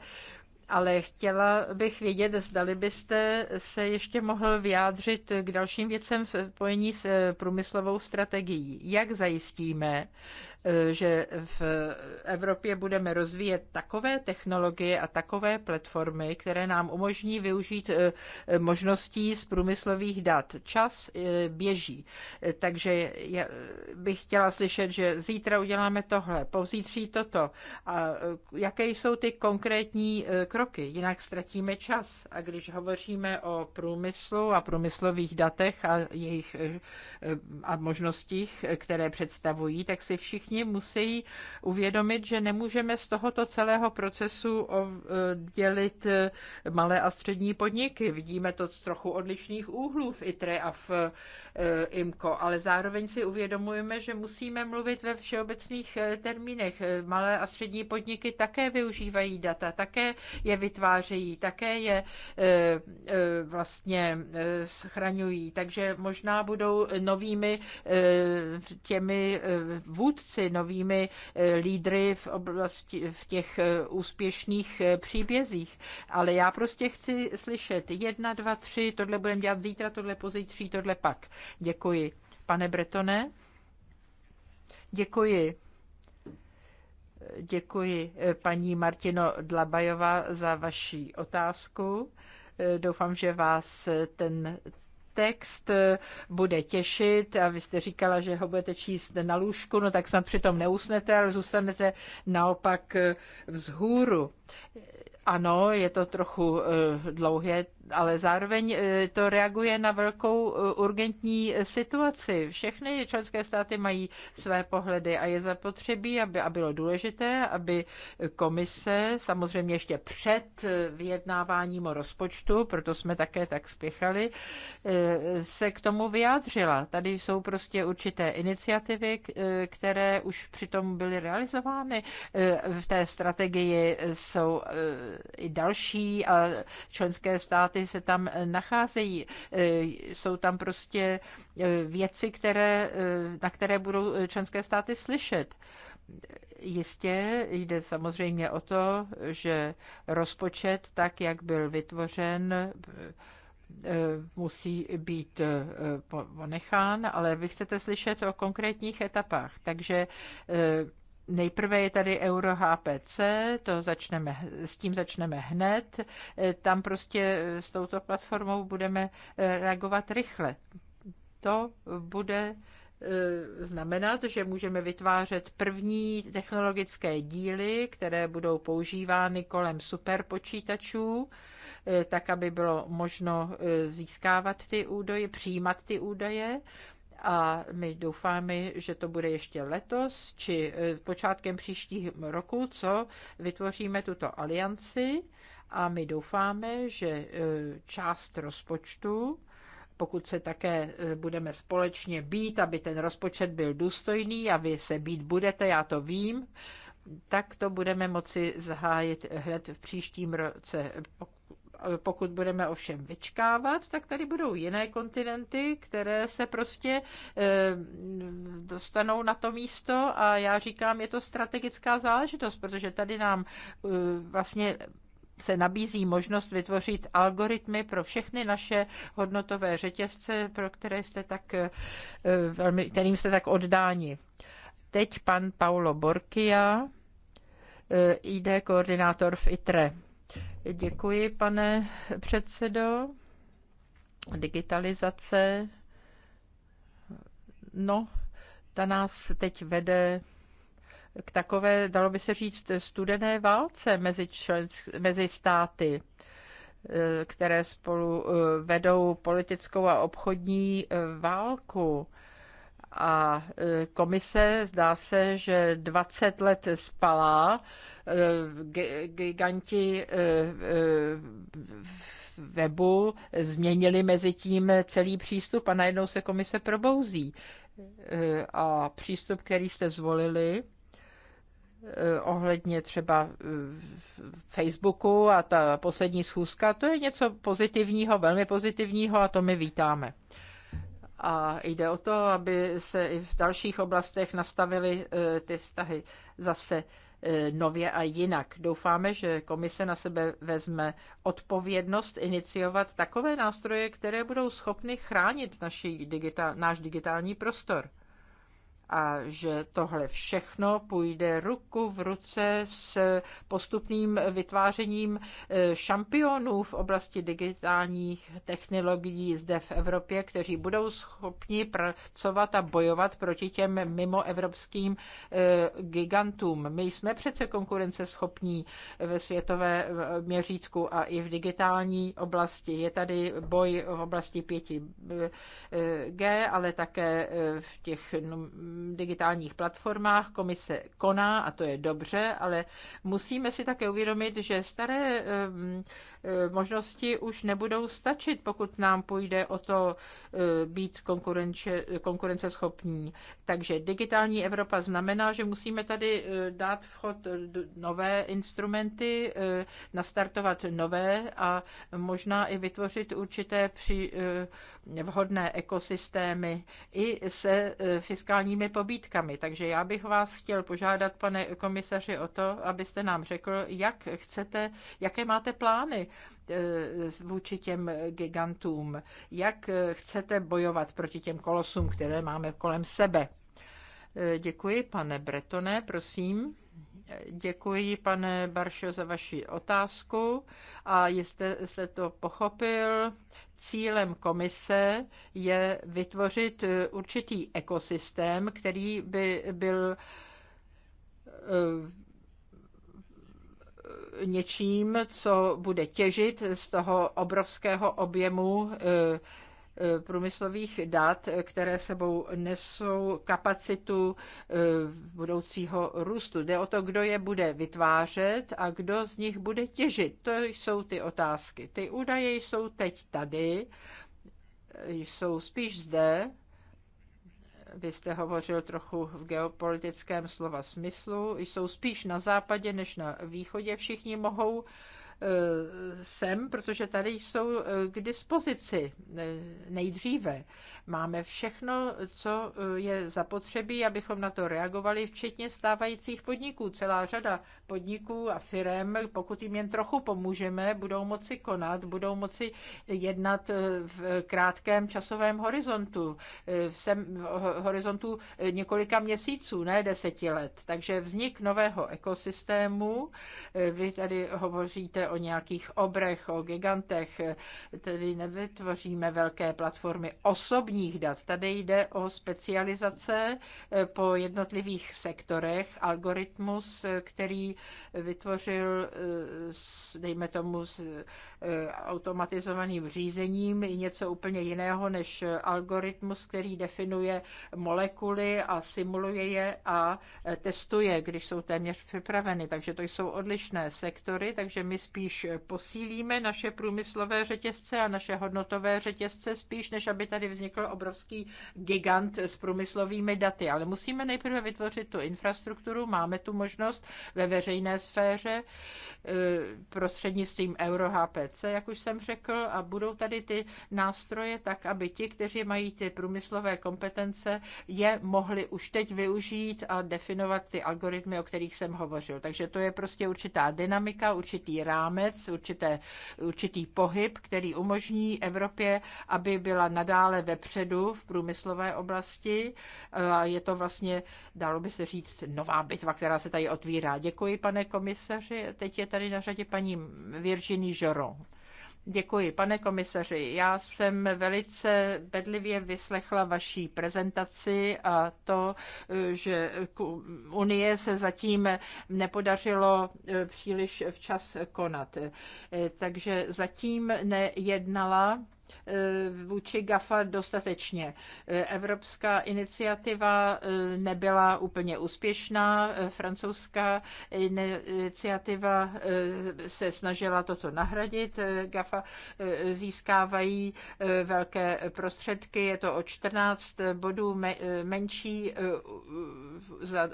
ale chtěla bych vědět, zdali byste se ještě mohl vyjádřit k dalším věcem v spojení s průmyslovou strategií. Jak zajistíme, že v Evropě budeme rozvíjet takové technologie a takové platformy, které nám umožní využít eh, možností z průmyslových dat. Čas eh, běží, takže bych chtěla slyšet, že zítra uděláme tohle, pozítří toto. A eh, jaké jsou ty konkrétní kroky? Jinak ztratíme čas. A když hovoříme o průmyslu a průmyslových datech a jejich a možnostích, které představují, tak si všichni všichni musí uvědomit, že nemůžeme z tohoto celého procesu dělit malé a střední podniky. Vidíme to z trochu odlišných úhlů v ITRE a v eh, IMCO, ale zároveň si uvědomujeme, že musíme mluvit ve všeobecných eh, termínech. Malé a střední podniky také využívají data, také je vytvářejí, také je eh, vlastně schraňují. Takže možná budou novými těmi vůdci novými eh, lídry v, oblasti, v těch eh, úspěšných eh, příbězích. Ale já prostě chci slyšet jedna, dva, tři, tohle budeme dělat zítra, tohle pozítří, tohle pak. Děkuji. Pane Bretone? Děkuji. Děkuji paní Martino Dlabajová za vaši otázku. Doufám, že vás ten text eh, bude těšit a vy jste říkala, že ho budete číst na lůžku, no tak snad přitom neusnete, ale zůstanete naopak eh, vzhůru. Ano, je to trochu eh, dlouhé ale zároveň e, to reaguje na velkou e, urgentní situaci. Všechny členské státy mají své pohledy a je zapotřebí, aby a bylo důležité, aby komise, samozřejmě ještě před e, vyjednáváním o rozpočtu, proto jsme také tak spěchali, se k tomu vyjádřila. Tady jsou prostě určité iniciativy, které už přitom byly realizovány. V té strategii jsou i další a členské státy státy se tam eh, nacházejí. Eh, jsou tam prostě eh, věci, které, na které budou členské státy slyšet. Jistě jde samozřejmě o to, že rozpočet, tak jak byl vytvořen, musí být ponechán, ale vy chcete slyšet o konkrétních etapách. Takže Nejprve je tady Euro HPC, to začneme, s tím začneme hned. Eh, tam prostě eh, s touto platformou budeme eh, reagovat rychle. To bude znamenat, že můžeme vytvářet první technologické díly, které budou používány kolem superpočítačů, tak aby bylo možno získávat ty údaje, přijímat ty údaje a my doufáme, že to bude ještě letos či e, počátkem příštího roku, co vytvoříme tuto alianci a my doufáme, že e, část rozpočtu pokud se také e, budeme společně být, aby ten rozpočet byl důstojný a vy se být budete, já to vím, tak to budeme moci zahájit hned v příštím roce. Eh, pokud budeme ovšem vyčkávat, tak tady budou jiné kontinenty, které se prostě eh, dostanou na to místo a já říkám, je to strategická záležitost, protože tady nám eh, vlastně se nabízí možnost vytvořit algoritmy pro všechny naše hodnotové řetězce, pro které jste tak, velmi, kterým jste tak oddáni. Teď pan Paulo Borkia, ID koordinátor v ITRE. Děkuji, pane předsedo. Digitalizace, no, ta nás teď vede k takové, dalo by se říct, studené válce mezi, člen, mezi státy, eh, které spolu eh, vedou politickou a obchodní eh, válku a e, komise zdá se, že 20 let spala, e, giganti e, webu změnili mezi tím celý přístup a najednou se komise probouzí. A přístup, který jste zvolili, ohledně třeba Facebooku a ta poslední schůzka, to je něco pozitivního, velmi pozitivního a to my vítáme. A jde o to, aby se i v dalších oblastech nastavily e, ty vztahy zase e, nově a jinak. Doufáme, že komise na sebe vezme odpovědnost iniciovat takové nástroje, které budou schopny chránit naši digita- náš digitální prostor a že tohle všechno půjde ruku v ruce s postupným vytvářením eh, šampionů v oblasti digitálních technologií zde v Evropě, kteří budou schopni pracovat a bojovat proti těm mimoevropským eh, gigantům. My jsme přece konkurenceschopní ve světové eh, měřítku a i v digitální oblasti. Je tady boj v oblasti 5G, ale také v těch digitálních platformách. Komise koná a to je dobře, ale musíme si také uvědomit, že staré možnosti už nebudou stačit, pokud nám půjde o to být konkurence, konkurenceschopní. Takže digitální Evropa znamená, že musíme tady dát vchod nové instrumenty, nastartovat nové a možná i vytvořit určité při, vhodné ekosystémy i se fiskálními různými pobídkami. Takže já bych vás chtěl požádat, pane komisaři, o to, abyste nám řekl, jak chcete, jaké máte plány e, vůči těm gigantům, jak e, chcete bojovat proti těm kolosům, které máme kolem sebe. E, děkuji, pane Bretone, prosím. Děkuji, pane Baršo, za vaši otázku a jste, jste to pochopil. Cílem komise je vytvořit určitý ekosystém, který by byl eh, něčím, co bude těžit z toho obrovského objemu eh, Eh, průmyslových dat, které sebou nesou kapacitu eh, budoucího růstu. Jde o to, kdo je bude vytvářet a kdo z nich bude těžit. To jsou ty otázky. Ty údaje jsou teď tady, eh, jsou spíš zde, vy jste hovořil trochu v geopolitickém slova smyslu, jsou spíš na západě než na východě. Všichni mohou sem, protože tady jsou eh, k dispozici eh, nejdříve. Máme všechno, co eh, je zapotřebí, abychom na to reagovali, včetně stávajících podniků. Celá řada podniků a firm, pokud jim jen trochu pomůžeme, budou moci konat, budou moci jednat v krátkém časovém horizontu, v, sem, v horizontu několika měsíců, ne deseti let. Takže vznik nového ekosystému, vy tady hovoříte o o nějakých obrech, o gigantech, tedy nevytvoříme velké platformy osobních dat. Tady jde o specializace eh, po jednotlivých sektorech, algoritmus, eh, který vytvořil, eh, dejme tomu, s automatizovaným řízením, i něco úplně jiného než algoritmus, který definuje molekuly a simuluje je a testuje, když jsou téměř připraveny. Takže to jsou odlišné sektory, takže my spíš posílíme naše průmyslové řetězce a naše hodnotové řetězce, spíš než aby tady vznikl obrovský gigant s průmyslovými daty. Ale musíme nejprve vytvořit tu infrastrukturu, máme tu možnost ve veřejné sféře e, prostřednictvím Euro HPC, jak už jsem řekl, a budou tady ty nástroje tak, aby ti, kteří mají ty průmyslové kompetence, je mohli už teď využít a definovat ty algoritmy, o kterých jsem hovořil. Takže to je prostě určitá dynamika, určitý rám rámec, určité, určitý pohyb, který umožní Evropě, aby byla nadále vepředu v průmyslové oblasti. Je to vlastně, dalo by se říct, nová bitva, která se tady otvírá. Děkuji, pane komisaři. Teď je tady na řadě paní Virginie Joron. Děkuji, pane komisaři. Já jsem velice bedlivě vyslechla vaší prezentaci a to, že Unie se zatím nepodařilo e, příliš včas konat. E, takže zatím nejednala Eh, vůči GAFA dostatečně. Eh, evropská iniciativa eh, nebyla úplně úspěšná. Francouzská iniciativa se snažila toto nahradit. GAFA získávají velké prostředky. Je to o 14 bodů menší za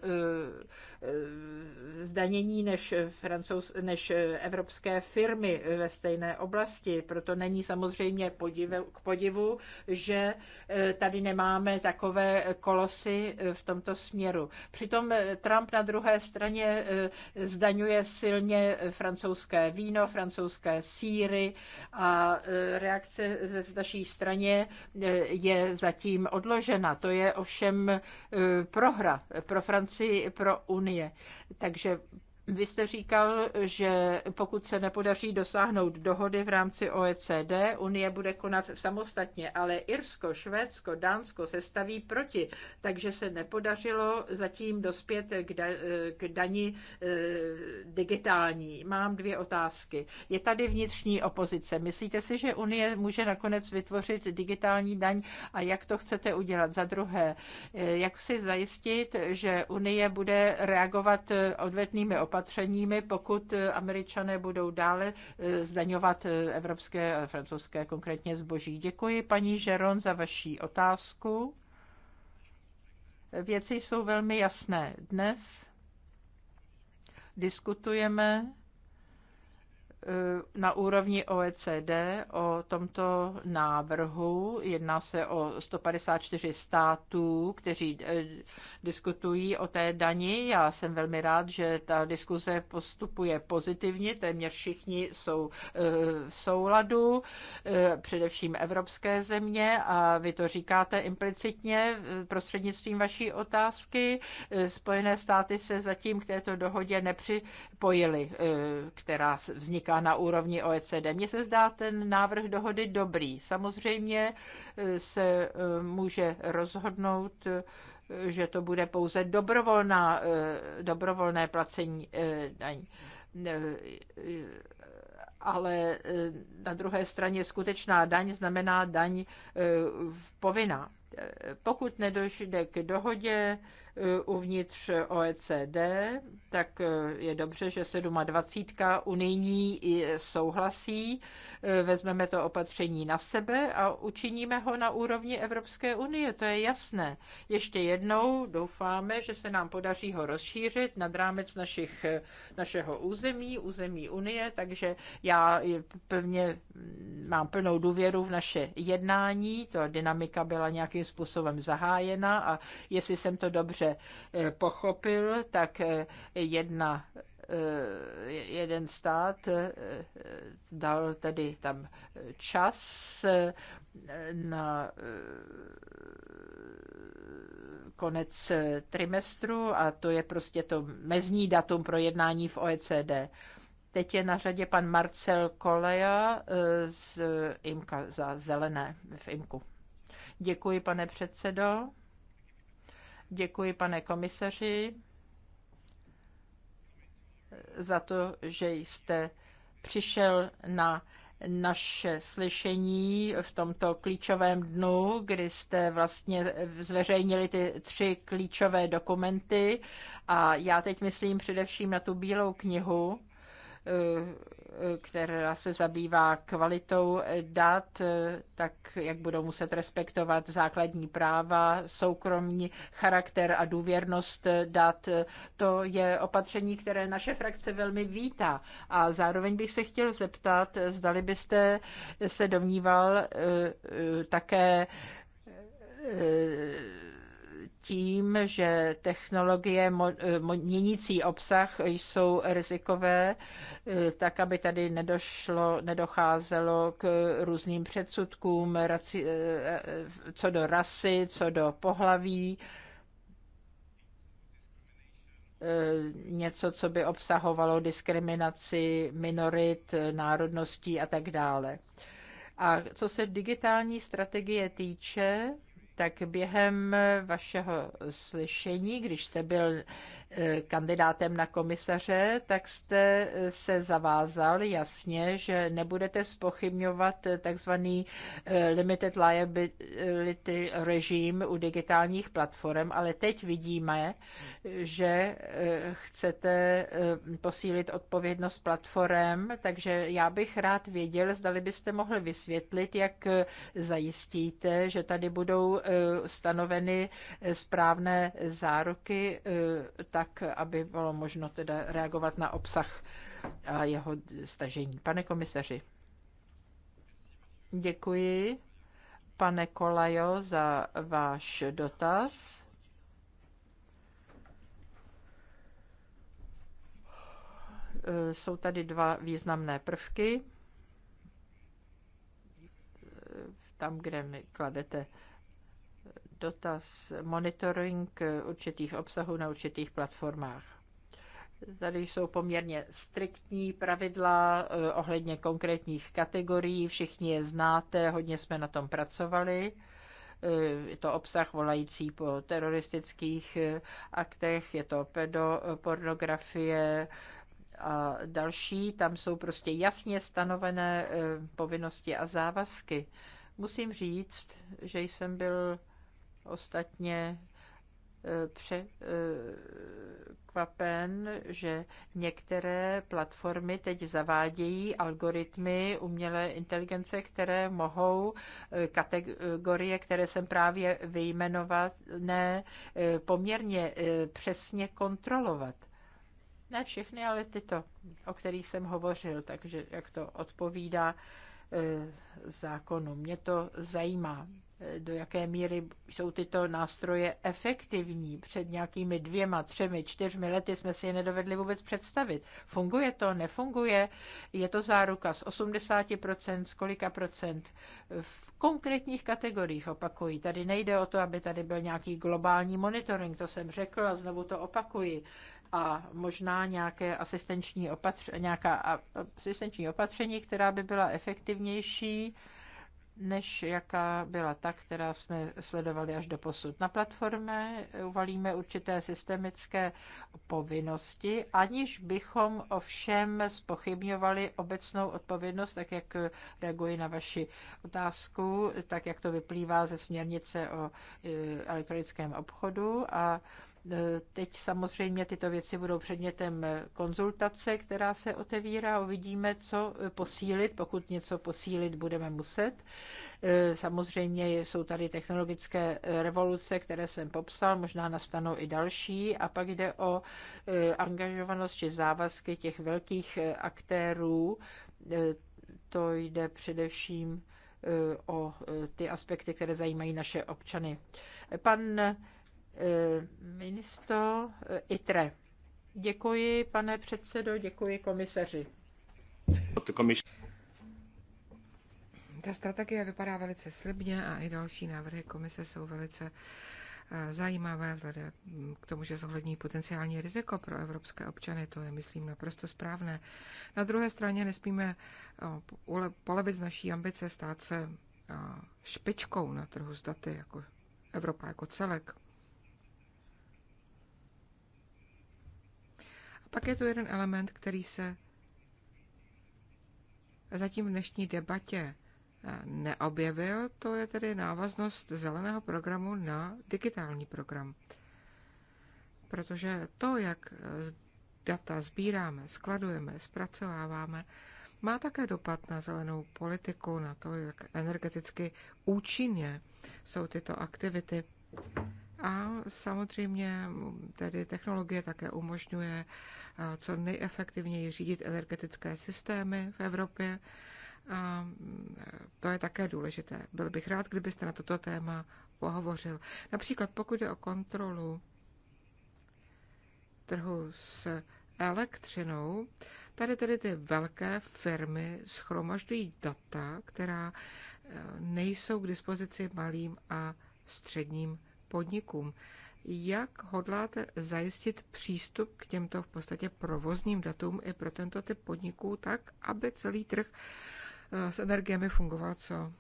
zdanění než, francouz, než evropské firmy ve stejné oblasti. Proto není samozřejmě podivu, k podivu, že e, tady nemáme takové kolosy e, v tomto směru. Přitom e, Trump na druhé straně zdaňuje silně francouzské víno, francouzské síry a reakce ze naší straně je zatím odložena. To je ovšem prohra pro Francii, pro Unie. Takže vy jste říkal, že pokud se nepodaří dosáhnout dohody v rámci OECD, Unie bude konat samostatně, ale Irsko, Švédsko, Dánsko se staví proti, takže se nepodařilo zatím dospět k, da, k dani e, digitální. Mám dvě otázky. Je tady vnitřní opozice. Myslíte si, že Unie může nakonec vytvořit digitální daň a jak to chcete udělat? Za druhé, e, jak si zajistit, že Unie bude reagovat e, odvetnými opatřeními? opatřeními, pokud eh, američané budou dále eh, zdaňovat eh, evropské a francouzské konkrétně zboží. Děkuji paní Žeron za vaší otázku. Věci jsou velmi jasné. Dnes diskutujeme Eh, na úrovni OECD o tomto návrhu. Jedná se o 154 států, kteří eh, diskutují o té dani. Já jsem velmi rád, že ta diskuze postupuje pozitivně. Téměř všichni jsou eh, v souladu, především evropské země a vy to říkáte implicitně prostřednictvím vaší otázky. Spojené státy se zatím k této dohodě nepřipojily, která vzniká politika na úrovni OECD. Mně se zdá ten návrh dohody dobrý. Samozřejmě eh, se eh, může rozhodnout, eh, že to bude pouze dobrovolná, dobrovolné placení daní ale na druhé straně skutečná daň znamená daň povinná. Pokud nedojde k dohodě, Eh, uvnitř OECD, tak eh, je dobře, že 27. unijní souhlasí. Eh, vezmeme to opatření na sebe a učiníme ho na úrovni Evropské unie, to je jasné. Ještě jednou doufáme, že se nám podaří ho rozšířit nad rámec našich, našeho území, území unie, takže já pevně hm, mám plnou důvěru v naše jednání, to dynamika byla nějakým způsobem zahájena a jestli jsem to dobře dobře eh, pochopil, tak eh, jedna eh, jeden stát dal tedy tam čas na konec trimestru a to je prostě to mezní datum pro jednání v OECD. Teď je na řadě pan Marcel Koleja z IMKA, za zelené v IMKU. Děkuji, pane předsedo. Děkuji, pane komisaři, za to, že jste přišel na naše slyšení v tomto klíčovém dnu, kdy jste vlastně zveřejnili ty tři klíčové dokumenty a já teď myslím především na tu bílou knihu, která se zabývá kvalitou dat, tak jak budou muset respektovat základní práva, soukromní charakter a důvěrnost dat. To je opatření, které naše frakce velmi vítá. A zároveň bych se chtěl zeptat, zdali byste se domníval eh, eh, také eh, tím, že technologie eh, měnící obsah jsou rizikové, eh, tak aby tady nedošlo, nedocházelo k různým předsudkům eh, co do rasy, co do pohlaví, něco, co by obsahovalo diskriminaci minorit, národností a tak dále. A co se digitální strategie týče, tak během vašeho slyšení, když jste byl kandidátem na komisaře, tak jste se zavázal jasně, že nebudete spochybňovat takzvaný eh, limited liability režim u digitálních platform, ale teď vidíme, že eh, chcete eh, posílit odpovědnost platform, takže já bych rád věděl, zdali byste mohli vysvětlit, jak zajistíte, že tady budou stanoveny správné záruky, tak tak aby bylo možno teda reagovat na obsah a jeho stažení. Pane komisaři. Děkuji, pane Kolajo, za váš dotaz. Jsou tady dva významné prvky. Tam, kde mi kladete dotaz monitoring určitých obsahů na určitých platformách. Tady jsou poměrně striktní pravidla eh, ohledně konkrétních kategorií, všichni je znáte, hodně jsme na tom pracovali. Eh, je to obsah volající po teroristických eh, aktech, je to pedopornografie, a další, tam jsou prostě jasně stanovené povinnosti a závazky. Musím říct, že jsem byl ostatně e, překvapen, e, že některé platformy teď zavádějí algoritmy umělé inteligence, které mohou e, kategorie, které jsem právě vyjmenoval, poměrně přesně kontrolovat. Ne všechny, ale tyto, o kterých jsem hovořil, takže jak to odpovídá zákonu. Mě to zajímá do jaké míry jsou tyto nástroje efektivní. Před nějakými dvěma, třemi, čtyřmi lety jsme si je nedovedli vůbec představit. Funguje to, nefunguje? Je to záruka z 80%, z kolika procent? V konkrétních kategoriích opakuji. Tady nejde o to, aby tady byl nějaký globální monitoring, to jsem řekl a znovu to opakuji a možná nějaké asistenční opatření, nějaká asistenční opatření, která by byla efektivnější, než jaká byla ta, která jsme sledovali až do posud. Na platformě uvalíme určité systemické povinnosti, aniž bychom ovšem spochybňovali obecnou odpovědnost, tak jak reaguji na vaši otázku, tak jak to vyplývá ze směrnice o e, elektronickém obchodu a E, teď samozřejmě tyto věci budou předmětem konzultace, která se otevírá. Uvidíme, co e, posílit, pokud něco posílit budeme muset. E, samozřejmě jsou tady technologické revoluce, které jsem popsal, možná nastanou i další. A pak jde o angažovanost či závazky těch velkých aktérů. To jde především o ty aspekty, které zajímají naše občany. Pan Eh, ministro eh, ITRE. Děkuji, pane předsedo, děkuji komisaři. Ta strategie vypadá velice slibně a i další návrhy komise jsou velice eh, zajímavé vzhledem k tomu, že zohlední potenciální riziko pro evropské občany. To je, myslím, naprosto správné. Na druhé straně nesmíme polevit z naší ambice stát se špičkou na trhu s daty jako Evropa jako celek. Pak je tu jeden element, který se zatím v dnešní debatě eh, neobjevil, to je tedy návaznost zeleného programu na digitální program. Protože to, jak eh, data sbíráme, skladujeme, zpracováváme, má také dopad na zelenou politiku, na to, jak energeticky účinně jsou tyto aktivity. A samozřejmě mm, tedy technologie také umožňuje eh, co nejefektivněji řídit energetické systémy v Evropě. A mm, to je také důležité. Byl bych rád, kdybyste na toto téma pohovořil. Například pokud je o kontrolu trhu s elektřinou, tady tedy ty velké firmy schromažďují data, která eh, nejsou k dispozici malým a středním podnikům. Jak hodláte zajistit přístup k těmto v podstatě provozním datům i pro tento typ podniků, tak aby celý trh eh, s energiemi fungoval co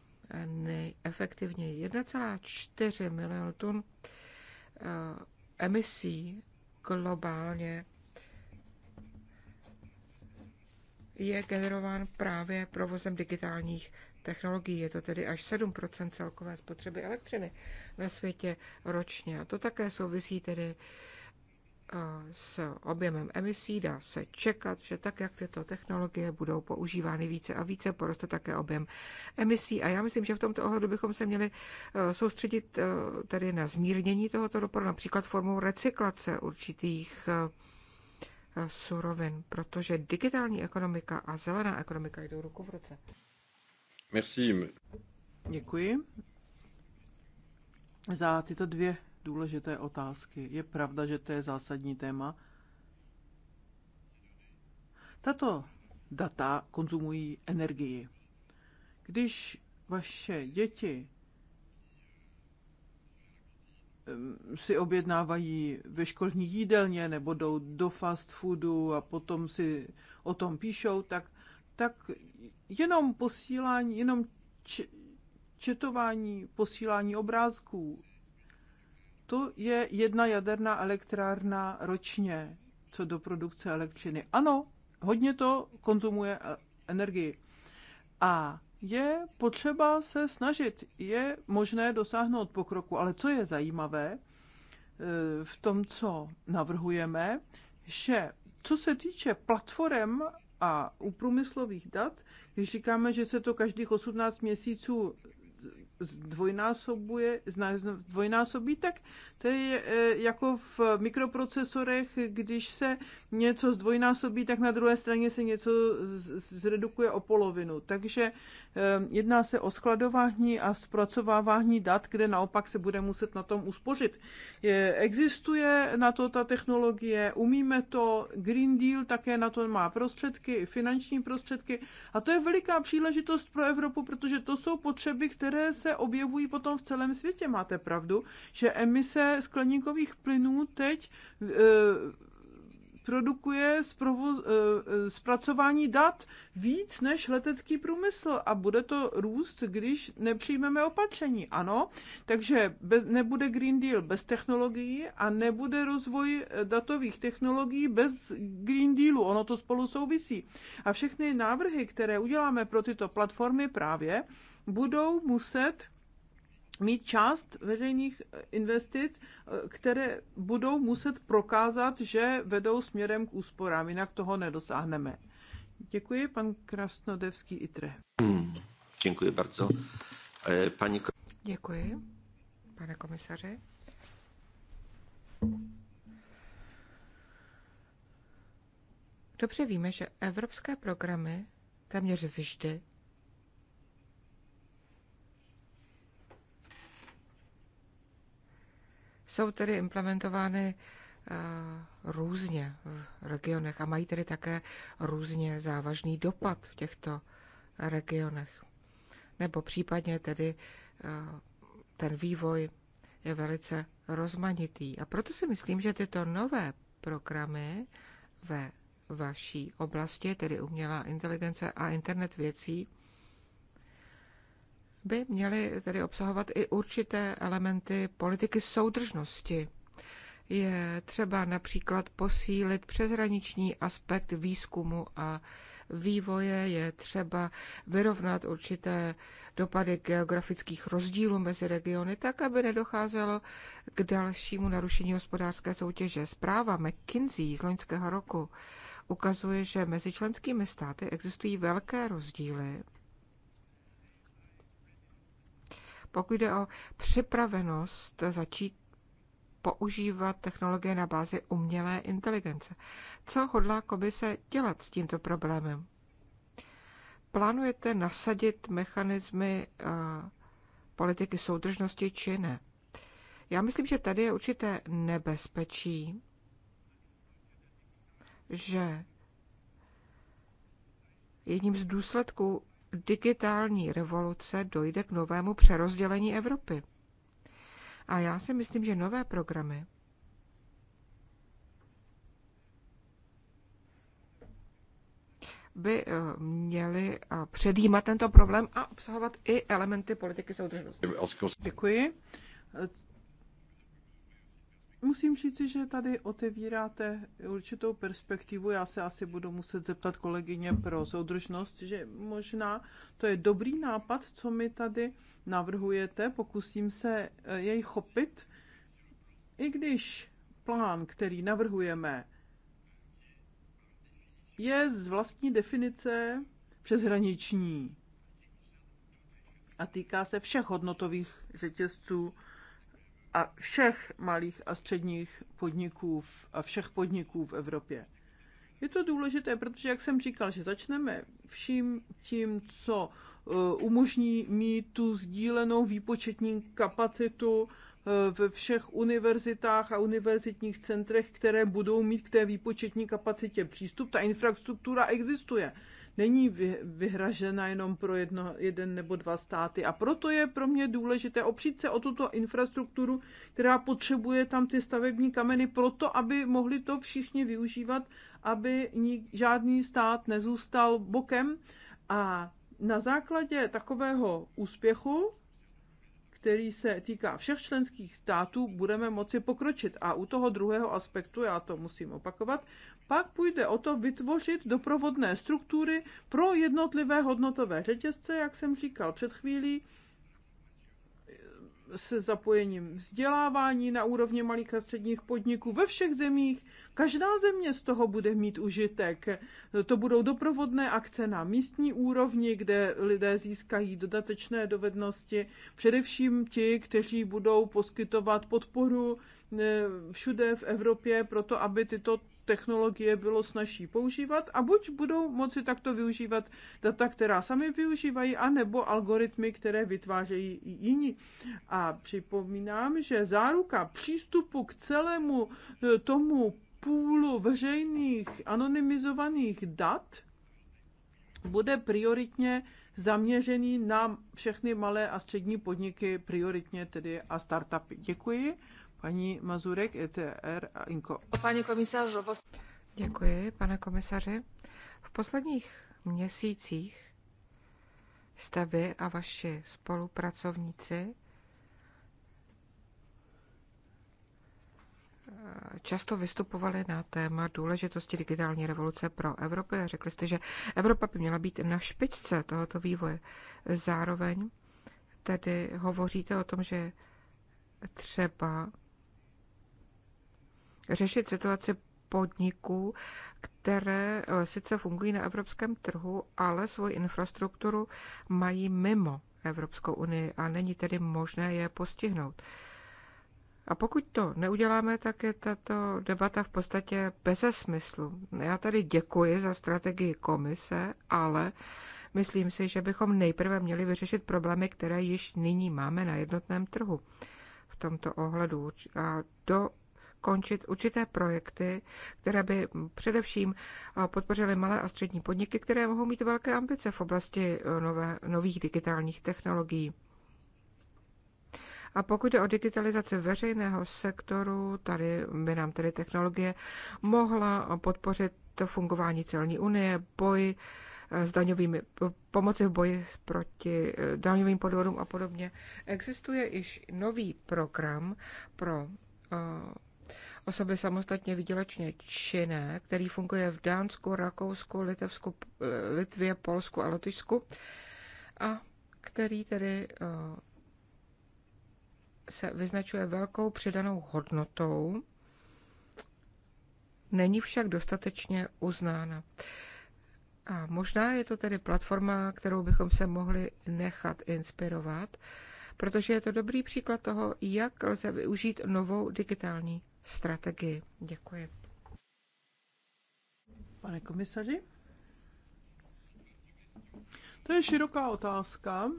nejefektivněji? 1,4 milionu tun eh, emisí globálně je generován právě provozem digitálních technologií. Je to tedy až 7 celkové spotřeby elektřiny ve světě ročně. A to také souvisí tedy eh, s objemem emisí. Dá se čekat, že tak, jak tyto technologie budou používány více a více, poroste také objem emisí. A já myslím, že v tomto ohledu bychom se měli eh, soustředit eh, tedy na zmírnění tohoto dopadu, například formou recyklace určitých surovin, protože digitální ekonomika a zelená ekonomika jdou ruku v ruce. Merci. Děkuji za tyto dvě důležité otázky. Je pravda, že to je zásadní téma. Tato data konzumují energii. Když vaše děti si objednávají ve školní jídelně nebo jdou do fast foodu a potom si o tom píšou, tak tak jenom posílání, jenom četování, posílání obrázků, to je jedna jaderná elektrárna ročně, co do produkce elektřiny. Ano, hodně to konzumuje e- energii. A je potřeba se snažit, je možné dosáhnout pokroku, ale co je zajímavé e- v tom, co navrhujeme, že co se týče platform a u průmyslových dat, když říkáme, že se to každých 18 měsíců zdvojnásobuje, dvojnásobí, tak to je e, jako v mikroprocesorech, když se něco zdvojnásobí, tak na druhé straně se něco zredukuje o polovinu. Takže e, jedná se o skladování a zpracovávání dat, kde naopak se bude muset na tom uspořit. Existuje na to ta technologie, umíme to, Green Deal také na to má prostředky, finanční prostředky a to je veliká příležitost pro Evropu, protože to jsou potřeby, které se se objevují potom v celém světě. Máte pravdu, že emise skleníkových plynů teď e, produkuje zprovo, e, e, zpracování dat víc než letecký průmysl a bude to růst, když nepřijmeme opatření. Ano, takže bez, nebude Green Deal bez technologií a nebude rozvoj datových technologií bez Green Dealu. Ono to spolu souvisí. A všechny návrhy, které uděláme pro tyto platformy právě, budou muset mít část veřejných eh, investic, eh, které budou muset prokázat, že vedou směrem k úsporám, jinak toho nedosáhneme. Děkuji, pan Krasnodevský Itre. Děkuji bardzo. Eh, paní... Děkuji, pane komisaři. Dobře víme, že evropské programy téměř vždy jsou tedy implementovány eh, různě v regionech a mají tedy také různě závažný dopad v těchto regionech. Nebo případně tedy eh, ten vývoj je velice rozmanitý. A proto si myslím, že tyto nové programy ve vaší oblasti, tedy umělá inteligence a internet věcí, by měly tedy obsahovat i určité elementy politiky soudržnosti. Je třeba například posílit přeshraniční aspekt výzkumu a vývoje, je třeba vyrovnat určité dopady geografických rozdílů mezi regiony, tak aby nedocházelo k dalšímu narušení hospodářské soutěže. Zpráva McKinsey z loňského roku ukazuje, že mezi členskými státy existují velké rozdíly Pokud jde o připravenost začít používat technologie na bázi umělé inteligence, co hodlá komise dělat s tímto problémem? Plánujete nasadit mechanismy eh, politiky soudržnosti či ne? Já myslím, že tady je určité nebezpečí, že jedním z důsledků digitální revoluce dojde k novému přerozdělení Evropy. A já si myslím, že nové programy by eh, měly eh, předjímat tento problém a obsahovat i elementy politiky soudržnosti. Děkuji. Musím říct, že tady otevíráte určitou perspektivu. Já se asi budu muset zeptat kolegyně pro soudržnost, že možná to je dobrý nápad, co mi tady navrhujete. Pokusím se eh, jej chopit. I když plán, který navrhujeme, je z vlastní definice přeshraniční a týká se všech hodnotových řetězců, a všech malých a středních podniků a všech podniků v Evropě. Je to důležité, protože, jak jsem říkal, že začneme vším tím, co eh, umožní mít tu sdílenou výpočetní kapacitu eh, ve všech univerzitách a univerzitních centrech, které budou mít k té výpočetní kapacitě přístup. Ta infrastruktura existuje není vyhražena jenom pro jedno, jeden nebo dva státy. A proto je pro mě důležité opřít se o tuto infrastrukturu, která potřebuje tam ty stavební kameny, proto aby mohli to všichni využívat, aby nik, žádný stát nezůstal bokem. A na základě takového úspěchu který se týká všech členských států, budeme moci pokročit. A u toho druhého aspektu, já to musím opakovat, pak půjde o to vytvořit doprovodné struktury pro jednotlivé hodnotové řetězce, jak jsem říkal před chvílí, se zapojením vzdělávání na úrovni malých a středních podniků ve všech zemích. Každá země z toho bude mít užitek. To budou doprovodné akce na místní úrovni, kde lidé získají dodatečné dovednosti, především ti, kteří budou poskytovat podporu eh, všude v Evropě, proto aby tyto technologie bylo snažší používat a buď budou moci takto využívat data, která sami využívají, anebo algoritmy, které vytvářejí i jiní. A připomínám, že záruka přístupu k celému e, tomu půlu veřejných anonymizovaných dat bude prioritně zaměřený na všechny malé a střední podniky, prioritně tedy a startupy. Děkuji. Paní Mazurek, ETR a INKO. Pane komisařo, Děkuji, pane komisaři. V posledních měsících jste vy a vaši spolupracovníci eh, často vystupovali na téma důležitosti digitální revoluce pro Evropu a řekli jste, že Evropa by měla být na špičce tohoto vývoje. Zároveň tedy hovoříte o tom, že třeba řešit situaci podniků, které eh, sice fungují na evropském trhu, ale svoji infrastrukturu mají mimo Evropskou unii a není tedy možné je postihnout. A pokud to neuděláme, tak je tato debata v podstatě bez smyslu. Já tady děkuji za strategii komise, ale myslím si, že bychom nejprve měli vyřešit problémy, které již nyní máme na jednotném trhu v tomto ohledu. A do končit určité projekty, které by především eh, podpořily malé a střední podniky, které mohou mít velké ambice v oblasti eh, nové, nových digitálních technologií. A pokud jde o digitalizaci veřejného sektoru, tady by nám tedy technologie mohla podpořit to fungování celní unie, boj eh, s daňovými, pomoci v boji proti daňovým podvodům a podobně. Existuje již nový program pro osoby samostatně výdělečně činné, který funguje v Dánsku, Rakousku, Litevsku, eh, Litvě, Polsku a Lotyšsku a který tedy eh, se vyznačuje velkou přidanou hodnotou, není však dostatečně uznána. A možná je to tedy platforma, kterou bychom se mohli nechat inspirovat, protože je to dobrý příklad toho, jak lze využít novou digitální strategii. Děkuji. Pane komisaři? To je široká otázka,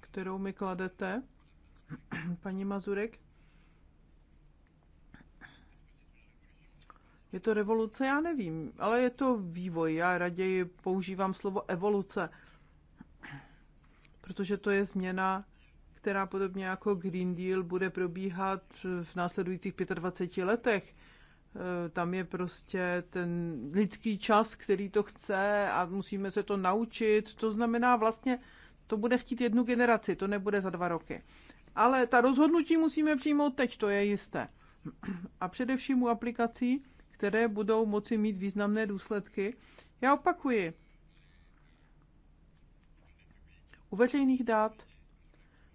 kterou mi kladete, paní Mazurek. Je to revoluce? Já nevím, ale je to vývoj. Já raději používám slovo evoluce, protože to je změna která podobně jako Green Deal bude probíhat v následujících 25 letech. E, tam je prostě ten lidský čas, který to chce a musíme se to naučit. To znamená vlastně, to bude chtít jednu generaci, to nebude za dva roky. Ale ta rozhodnutí musíme přijmout teď, to je jisté. A především u aplikací, které budou moci mít významné důsledky. Já opakuji, u veřejných dat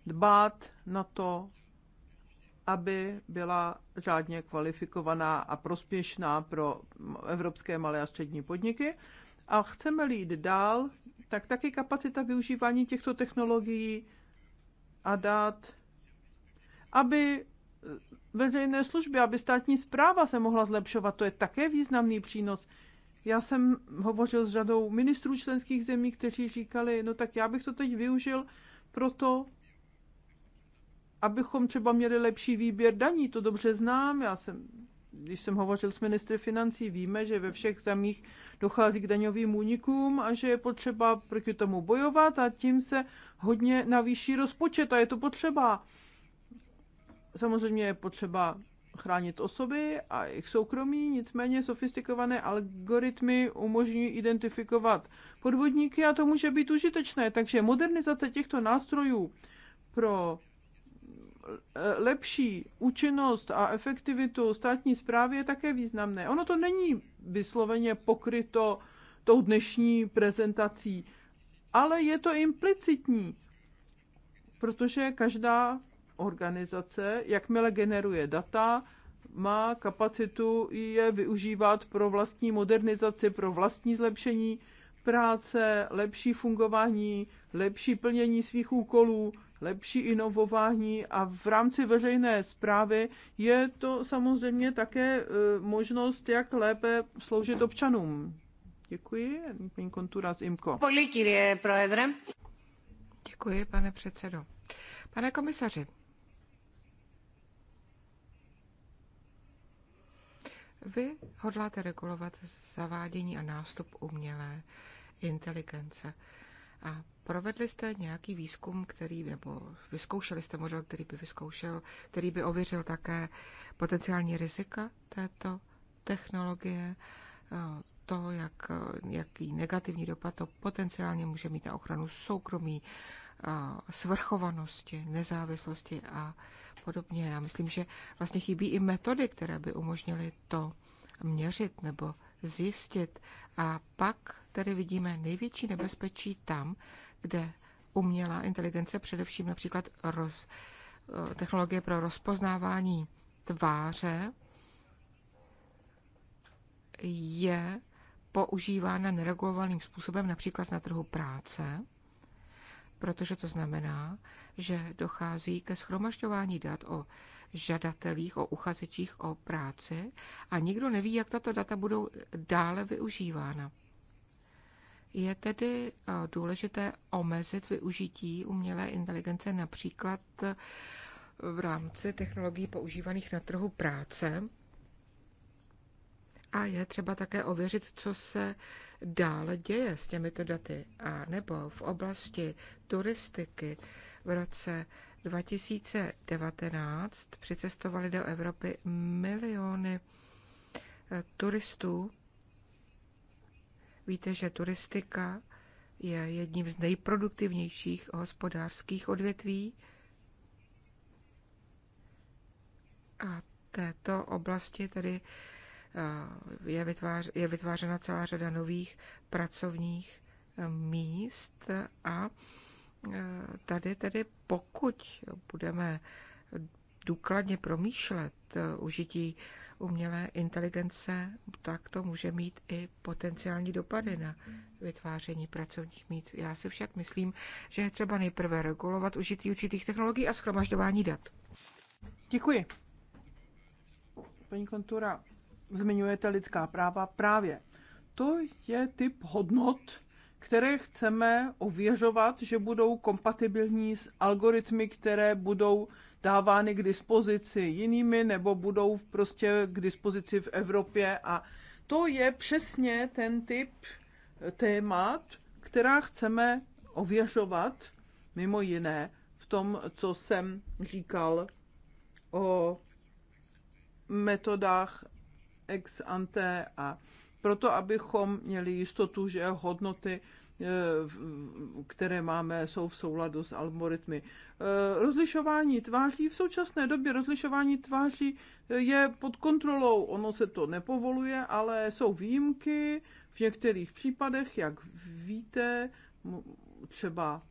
dbát na to, aby byla řádně kvalifikovaná a prospěšná pro evropské malé a střední podniky. A chceme-li jít dál, tak taky kapacita využívání těchto technologií a dát, aby veřejné služby, aby státní zpráva se mohla zlepšovat, to je také významný přínos. Já jsem hovořil s řadou ministrů členských zemí, kteří říkali, no tak já bych to teď využil proto, abychom třeba měli lepší výběr daní, to dobře znám, já jsem když jsem hovořil s ministry financí, víme, že ve všech zemích dochází k daňovým únikům a že je potřeba proti tomu bojovat a tím se hodně navýší rozpočet a je to potřeba. Samozřejmě je potřeba chránit osoby a jejich soukromí, nicméně sofistikované algoritmy umožňují identifikovat podvodníky a to může být užitečné. Takže modernizace těchto nástrojů pro lepší účinnost a efektivitu státní zprávy je také významné. Ono to není vysloveně pokryto tou dnešní prezentací, ale je to implicitní, protože každá organizace, jakmile generuje data, má kapacitu je využívat pro vlastní modernizaci, pro vlastní zlepšení práce, lepší fungování, lepší plnění svých úkolů lepší inovování a v rámci veřejné zprávy je to samozřejmě také e, možnost, jak lépe sloužit občanům. Děkuji, paní Kontura z IMKO. Děkuji, pane předsedo. Pane komisaři, vy hodláte regulovat zavádění a nástup umělé inteligence. A provedli jste nějaký výzkum, který, nebo vyzkoušeli jste model, který by vyzkoušel, který by ověřil také potenciální rizika této technologie, eh, to, jak, jaký negativní dopad to potenciálně může mít na ochranu soukromí, eh, svrchovanosti, nezávislosti a podobně. Já myslím, že vlastně chybí i metody, které by umožnily to měřit nebo zjistit. A pak tedy vidíme největší nebezpečí tam, kde umělá inteligence, především například roz, eh, technologie pro rozpoznávání tváře, je používána neregulovaným způsobem, například na trhu práce, protože to znamená, že dochází ke schromažďování dat o žadatelích, o uchazečích o práce, a nikdo neví, jak tato data budou dále využívána. Je tedy eh, důležité omezit využití umělé inteligence například eh, v rámci technologií používaných na trhu práce. A je třeba také ověřit, co se dále děje s těmito daty. A nebo v oblasti turistiky v roce 2019 přicestovali do Evropy miliony eh, turistů. Víte, že turistika je jedním z nejproduktivnějších hospodářských odvětví. A této oblasti tedy eh, je, vytvář, je vytvářena celá řada nových pracovních eh, míst a tady tedy pokud budeme důkladně promýšlet eh, užití umělé inteligence, tak to může mít i potenciální dopady na vytváření pracovních míst. Já si však myslím, že je třeba nejprve regulovat užití určitých technologií a schromažďování dat. Děkuji. Paní Kontura, zmiňujete lidská práva právě. To je typ hodnot, které chceme ověřovat, že budou kompatibilní s algoritmy, které budou dávány k dispozici jinými nebo budou prostě k dispozici v Evropě. A to je přesně ten typ eh, témat, která chceme ověřovat, mimo jiné, v tom, co jsem říkal o metodách ex ante a proto abychom měli jistotu, že hodnoty eh, které máme, jsou v souladu s algoritmy. Eh, rozlišování tváří, v současné době rozlišování tváří eh, je pod kontrolou, ono se to nepovoluje, ale jsou výjimky v některých případech, jak víte, třeba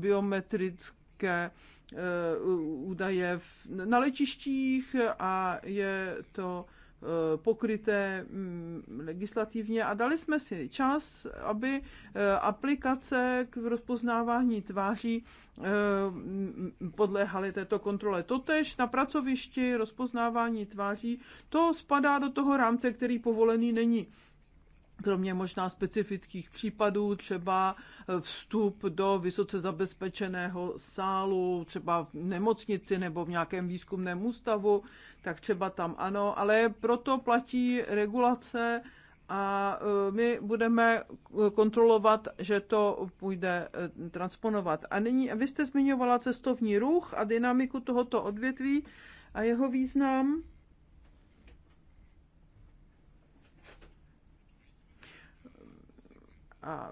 biometrické údaje na letištích a je to Eh, pokryté mm, legislativně a dali jsme si čas, aby eh, aplikace k rozpoznávání tváří eh, podléhaly této kontrole. Totež na pracovišti rozpoznávání tváří, to spadá do toho rámce, který povolený není kromě možná specifických případů, třeba eh, vstup do vysoce zabezpečeného sálu, třeba v nemocnici nebo v nějakém výzkumném ústavu, tak třeba tam ano, ale proto platí regulace a eh, my budeme eh, kontrolovat, že to půjde transponovat. A nyní, vy jste zmiňovala cestovní ruch a dynamiku tohoto odvětví a jeho význam. a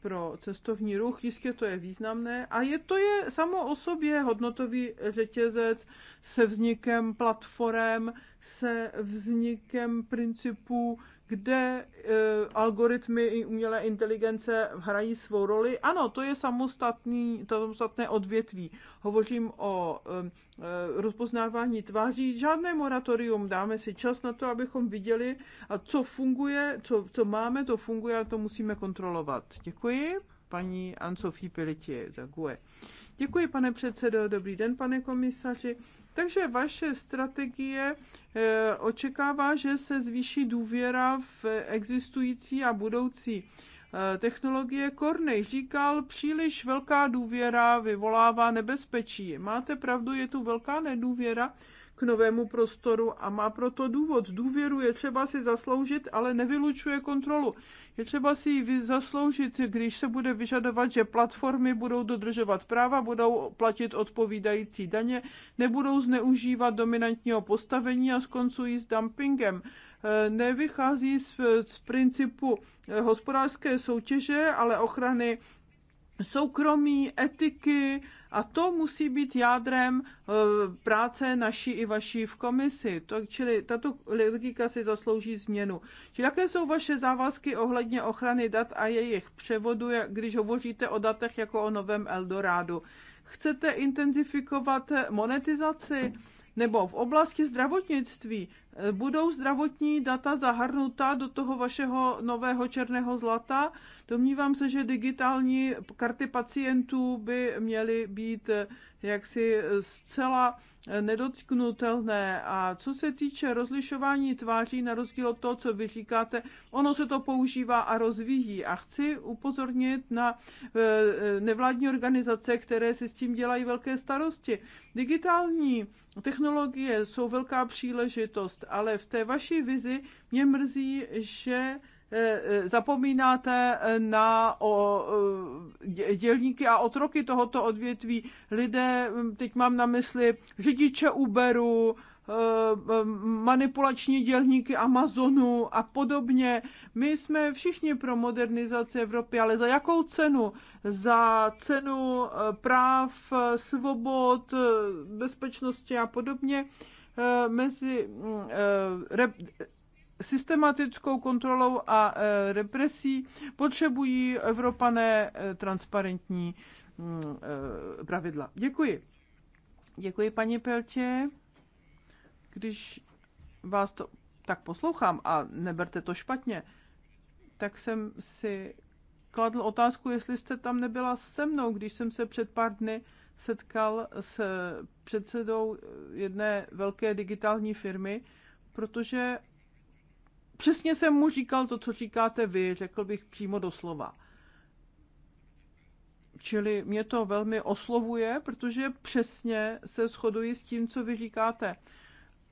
pro cestovní ruch, jistě to je významné. A je to je samo o sobě hodnotový řetězec se vznikem platform, se vznikem principů kde eh, algoritmy i umělé inteligence hrají svou roli. Ano, to je samostatný, to samostatné odvětví. Hovořím o eh, eh, rozpoznávání tváří. Žádné moratorium, dáme si čas na to, abychom viděli, a co funguje, co, co máme, to funguje a to musíme kontrolovat. Děkuji paní Ancofí Piliti za GUE. Děkuji, pane předsedo, dobrý den, pane komisaři. Takže vaše strategie eh, očekává, že se zvýší důvěra v existující a budoucí eh, technologie Kornej říkal, příliš velká důvěra vyvolává nebezpečí. Máte pravdu, je tu velká nedůvěra k novému prostoru a má proto důvod. Důvěru je třeba si zasloužit, ale nevylučuje kontrolu. Je třeba si ji zasloužit, když se bude vyžadovat, že platformy budou dodržovat práva, budou platit odpovídající daně, nebudou zneužívat dominantního postavení a skoncují s dumpingem e, nevychází z, z principu e, hospodářské soutěže, ale ochrany soukromí, etiky a to musí být jádrem e, práce naší i vaší v komisi. To, čili tato logika si zaslouží změnu. Čili jaké jsou vaše závazky ohledně ochrany dat a jejich převodu, když hovoříte o datech jako o novém Eldorádu? Chcete intenzifikovat monetizaci? Hmm nebo v oblasti zdravotnictví, eh, budou zdravotní data zahrnuta do toho vašeho nového černého zlata? Domnívám se, že digitální karty pacientů by měly být eh, jaksi eh, zcela nedotknutelné. A co se týče rozlišování tváří, na rozdíl od toho, co vy říkáte, ono se to používá a rozvíjí. A chci upozornit na nevládní organizace, které si s tím dělají velké starosti. Digitální Technologie jsou velká příležitost, ale v té vaší vizi mě mrzí, že eh, eh, zapomínáte eh, na o, dělníky a otroky tohoto odvětví. Lidé, hm, teď mám na mysli řidiče Uberu, Eh, eh, manipulační dělníky Amazonu a podobně. My jsme všichni pro modernizaci Evropy, ale za jakou cenu? Za cenu eh, práv, svobod, bezpečnosti a podobně mezi mm, systematickou kontrolou a represí potřebují Evropané transparentní mm, pravidla. Děkuji. Děkuji, paní Peltě když vás to tak poslouchám a neberte to špatně, tak jsem si kladl otázku, jestli jste tam nebyla se mnou, když jsem se před pár dny setkal s předsedou jedné velké digitální firmy, protože přesně jsem mu říkal to, co říkáte vy, řekl bych přímo doslova. Čili mě to velmi oslovuje, protože přesně se shoduji s tím, co vy říkáte.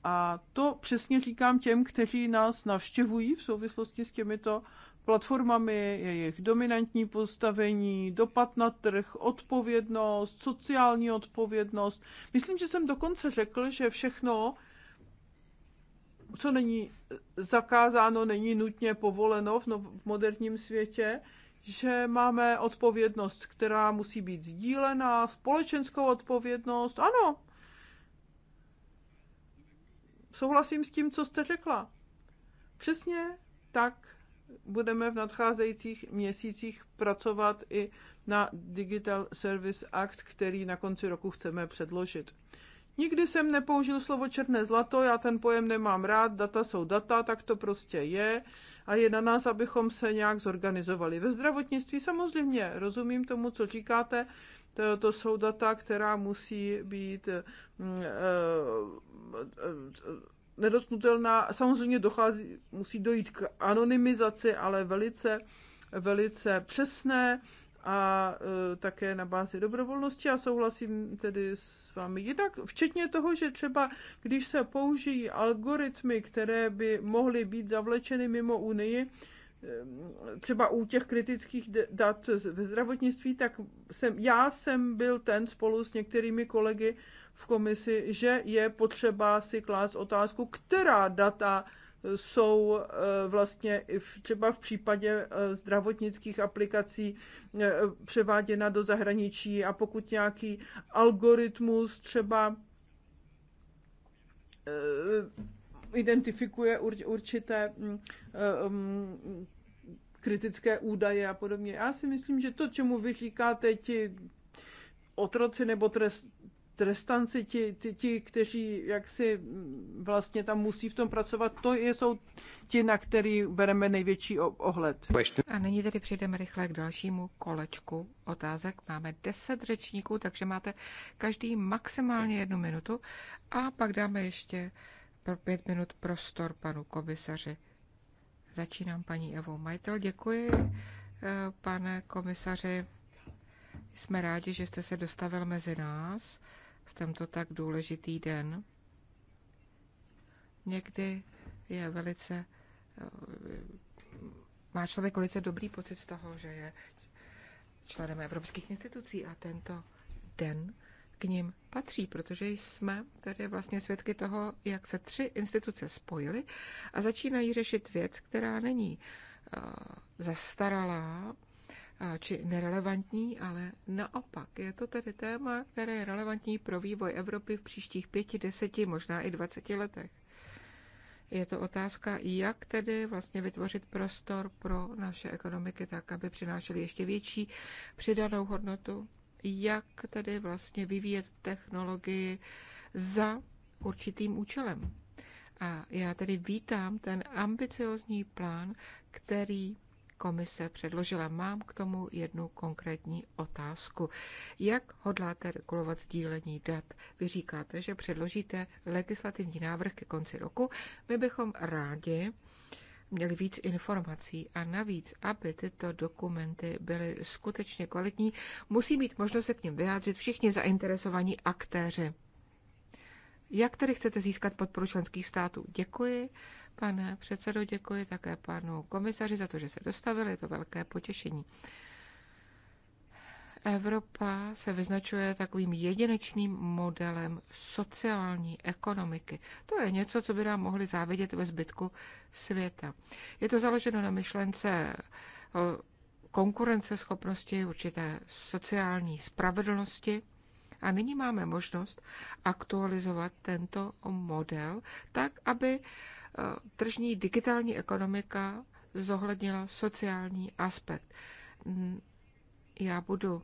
A to přesně říkám těm, kteří nás navštěvují v souvislosti s těmito platformami, jejich dominantní postavení, dopad na trh, odpovědnost, sociální odpovědnost. Myslím, že jsem dokonce řekl, že všechno, co není zakázáno, není nutně povoleno v, no, v moderním světě, že máme odpovědnost, která musí být sdílená, společenskou odpovědnost. Ano, souhlasím s tím, co jste řekla. Přesně tak budeme v nadcházejících měsících pracovat i na Digital Service Act, který na konci roku chceme předložit. Nikdy jsem nepoužil slovo černé zlato, já ten pojem nemám rád, data jsou data, tak to prostě je a je na nás, abychom se nějak zorganizovali. Ve zdravotnictví samozřejmě rozumím tomu, co říkáte, to, to jsou data, která musí být mm, eh, eh, nedotknutelná. Samozřejmě dochází, musí dojít k anonymizaci, ale velice, velice přesné a eh, také na bázi dobrovolnosti a souhlasím tedy s vámi. Jinak včetně toho, že třeba když se použijí algoritmy, které by mohly být zavlečeny mimo Unii, Ehm, třeba u těch kritických dat ve zdravotnictví, tak jsem, já jsem byl ten spolu s některými kolegy v komisi, že je potřeba si klást otázku, která data jsou eh, vlastně třeba v případě eh, zdravotnických aplikací eh, převáděna do zahraničí a pokud nějaký algoritmus třeba identifikuje určité mm, mm, kritické údaje a podobně. Já si myslím, že to, čemu vy říkáte ti otroci nebo trest, trestanci, ti, ti, ti, kteří jaksi vlastně tam musí v tom pracovat, to je, jsou ti, na který bereme největší ohled. A nyní tedy přejdeme rychle k dalšímu kolečku otázek. Máme deset řečníků, takže máte každý maximálně jednu minutu a pak dáme ještě pro pět minut prostor panu komisaři Začínám paní Evo Majitel. Děkuji, eh, pane komisaři. Jsme rádi, že jste se dostavil mezi nás v tento tak důležitý den. Někdy je velice eh, má člověk velice dobrý pocit z toho, že je členem evropských institucí a tento den ním patří, protože jsme tady vlastně svědky toho, jak se tři instituce spojily a začínají řešit věc, která není eh, zastaralá eh, či nerelevantní, ale naopak. Je to tedy téma, které je relevantní pro vývoj Evropy v příštích pěti, deseti, možná i dvaceti letech. Je to otázka, jak tedy vlastně vytvořit prostor pro naše ekonomiky tak, aby přinášely ještě větší přidanou hodnotu jak tedy vlastně vyvíjet technologii za určitým účelem. A já tedy vítám ten ambiciozní plán, který komise předložila. Mám k tomu jednu konkrétní otázku. Jak hodláte regulovat sdílení dat? Vy říkáte, že předložíte legislativní návrh ke konci roku. My bychom rádi měli víc informací a navíc, aby tyto dokumenty byly skutečně kvalitní, musí mít možnost se k ním vyjádřit všichni zainteresovaní aktéři. Jak tedy chcete získat podporu členských států? Děkuji, pane předsedo, děkuji také panu komisaři za to, že se dostavili, je to velké potěšení. Evropa se vyznačuje takovým jedinečným modelem sociální ekonomiky. To je něco, co by nám mohli závidět ve zbytku světa. Je to založeno na myšlence konkurenceschopnosti, určité sociální spravedlnosti. A nyní máme možnost aktualizovat tento model tak, aby tržní digitální ekonomika zohlednila sociální aspekt. Já budu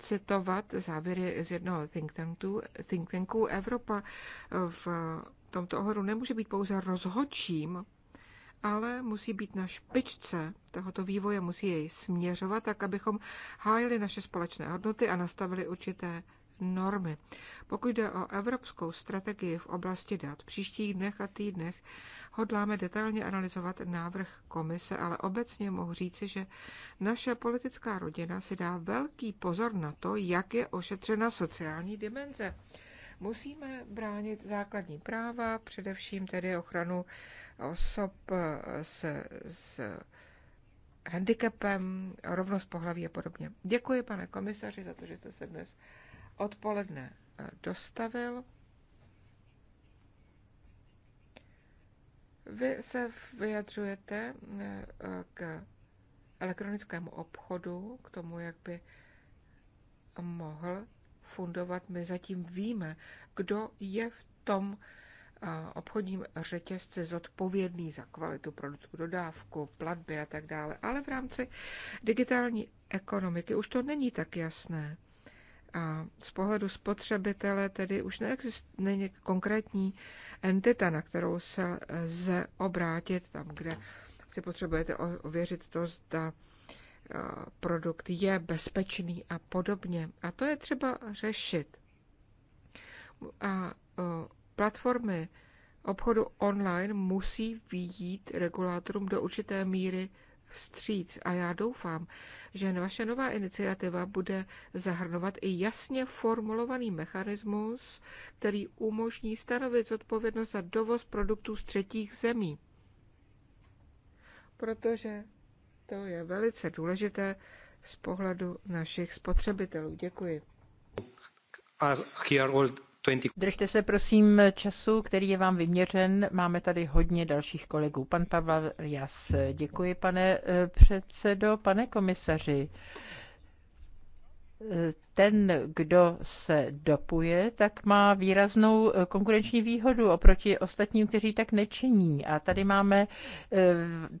citovat závěry z jednoho think tanku, think tanku. Evropa v tomto ohledu nemůže být pouze rozhodčím, ale musí být na špičce tohoto vývoje, musí jej směřovat tak, abychom hájili naše společné hodnoty a nastavili určité normy. Pokud jde o evropskou strategii v oblasti dat, v příštích dnech a týdnech hodláme detailně analyzovat návrh komise, ale obecně mohu říci, že naše politická rodina si dá velký pozor na to, jak je ošetřena sociální dimenze. Musíme bránit základní práva, především tedy ochranu osob s, s handicapem, rovnost pohlaví a podobně. Děkuji, pane komisaři, za to, že jste se dnes odpoledne eh, dostavil. Vy se vyjadřujete eh, k elektronickému obchodu, k tomu, jak by mohl fundovat. My zatím víme, kdo je v tom eh, obchodním řetězci zodpovědný za kvalitu produktu, dodávku, platby a tak dále. Ale v rámci digitální ekonomiky už to není tak jasné. A z pohledu spotřebitele tedy už neexistuje konkrétní entita, na kterou se lze obrátit tam, kde si potřebujete ověřit to, zda eh, produkt je bezpečný a podobně. A to je třeba řešit. A eh, platformy obchodu online musí výjít regulátorům do určité míry vstříc a já doufám, že vaše nová iniciativa bude zahrnovat i jasně formulovaný mechanismus, který umožní stanovit zodpovědnost za dovoz produktů z třetích zemí. Protože to je velice důležité z pohledu našich spotřebitelů. Děkuji. Are here all Držte se prosím času, který je vám vyměřen. Máme tady hodně dalších kolegů. Pan Pavel Jas, děkuji pane eh, předsedo, pane komisaři ten, kdo se dopuje, tak má výraznou eh, konkurenční výhodu oproti ostatním, kteří tak nečiní. A tady máme eh,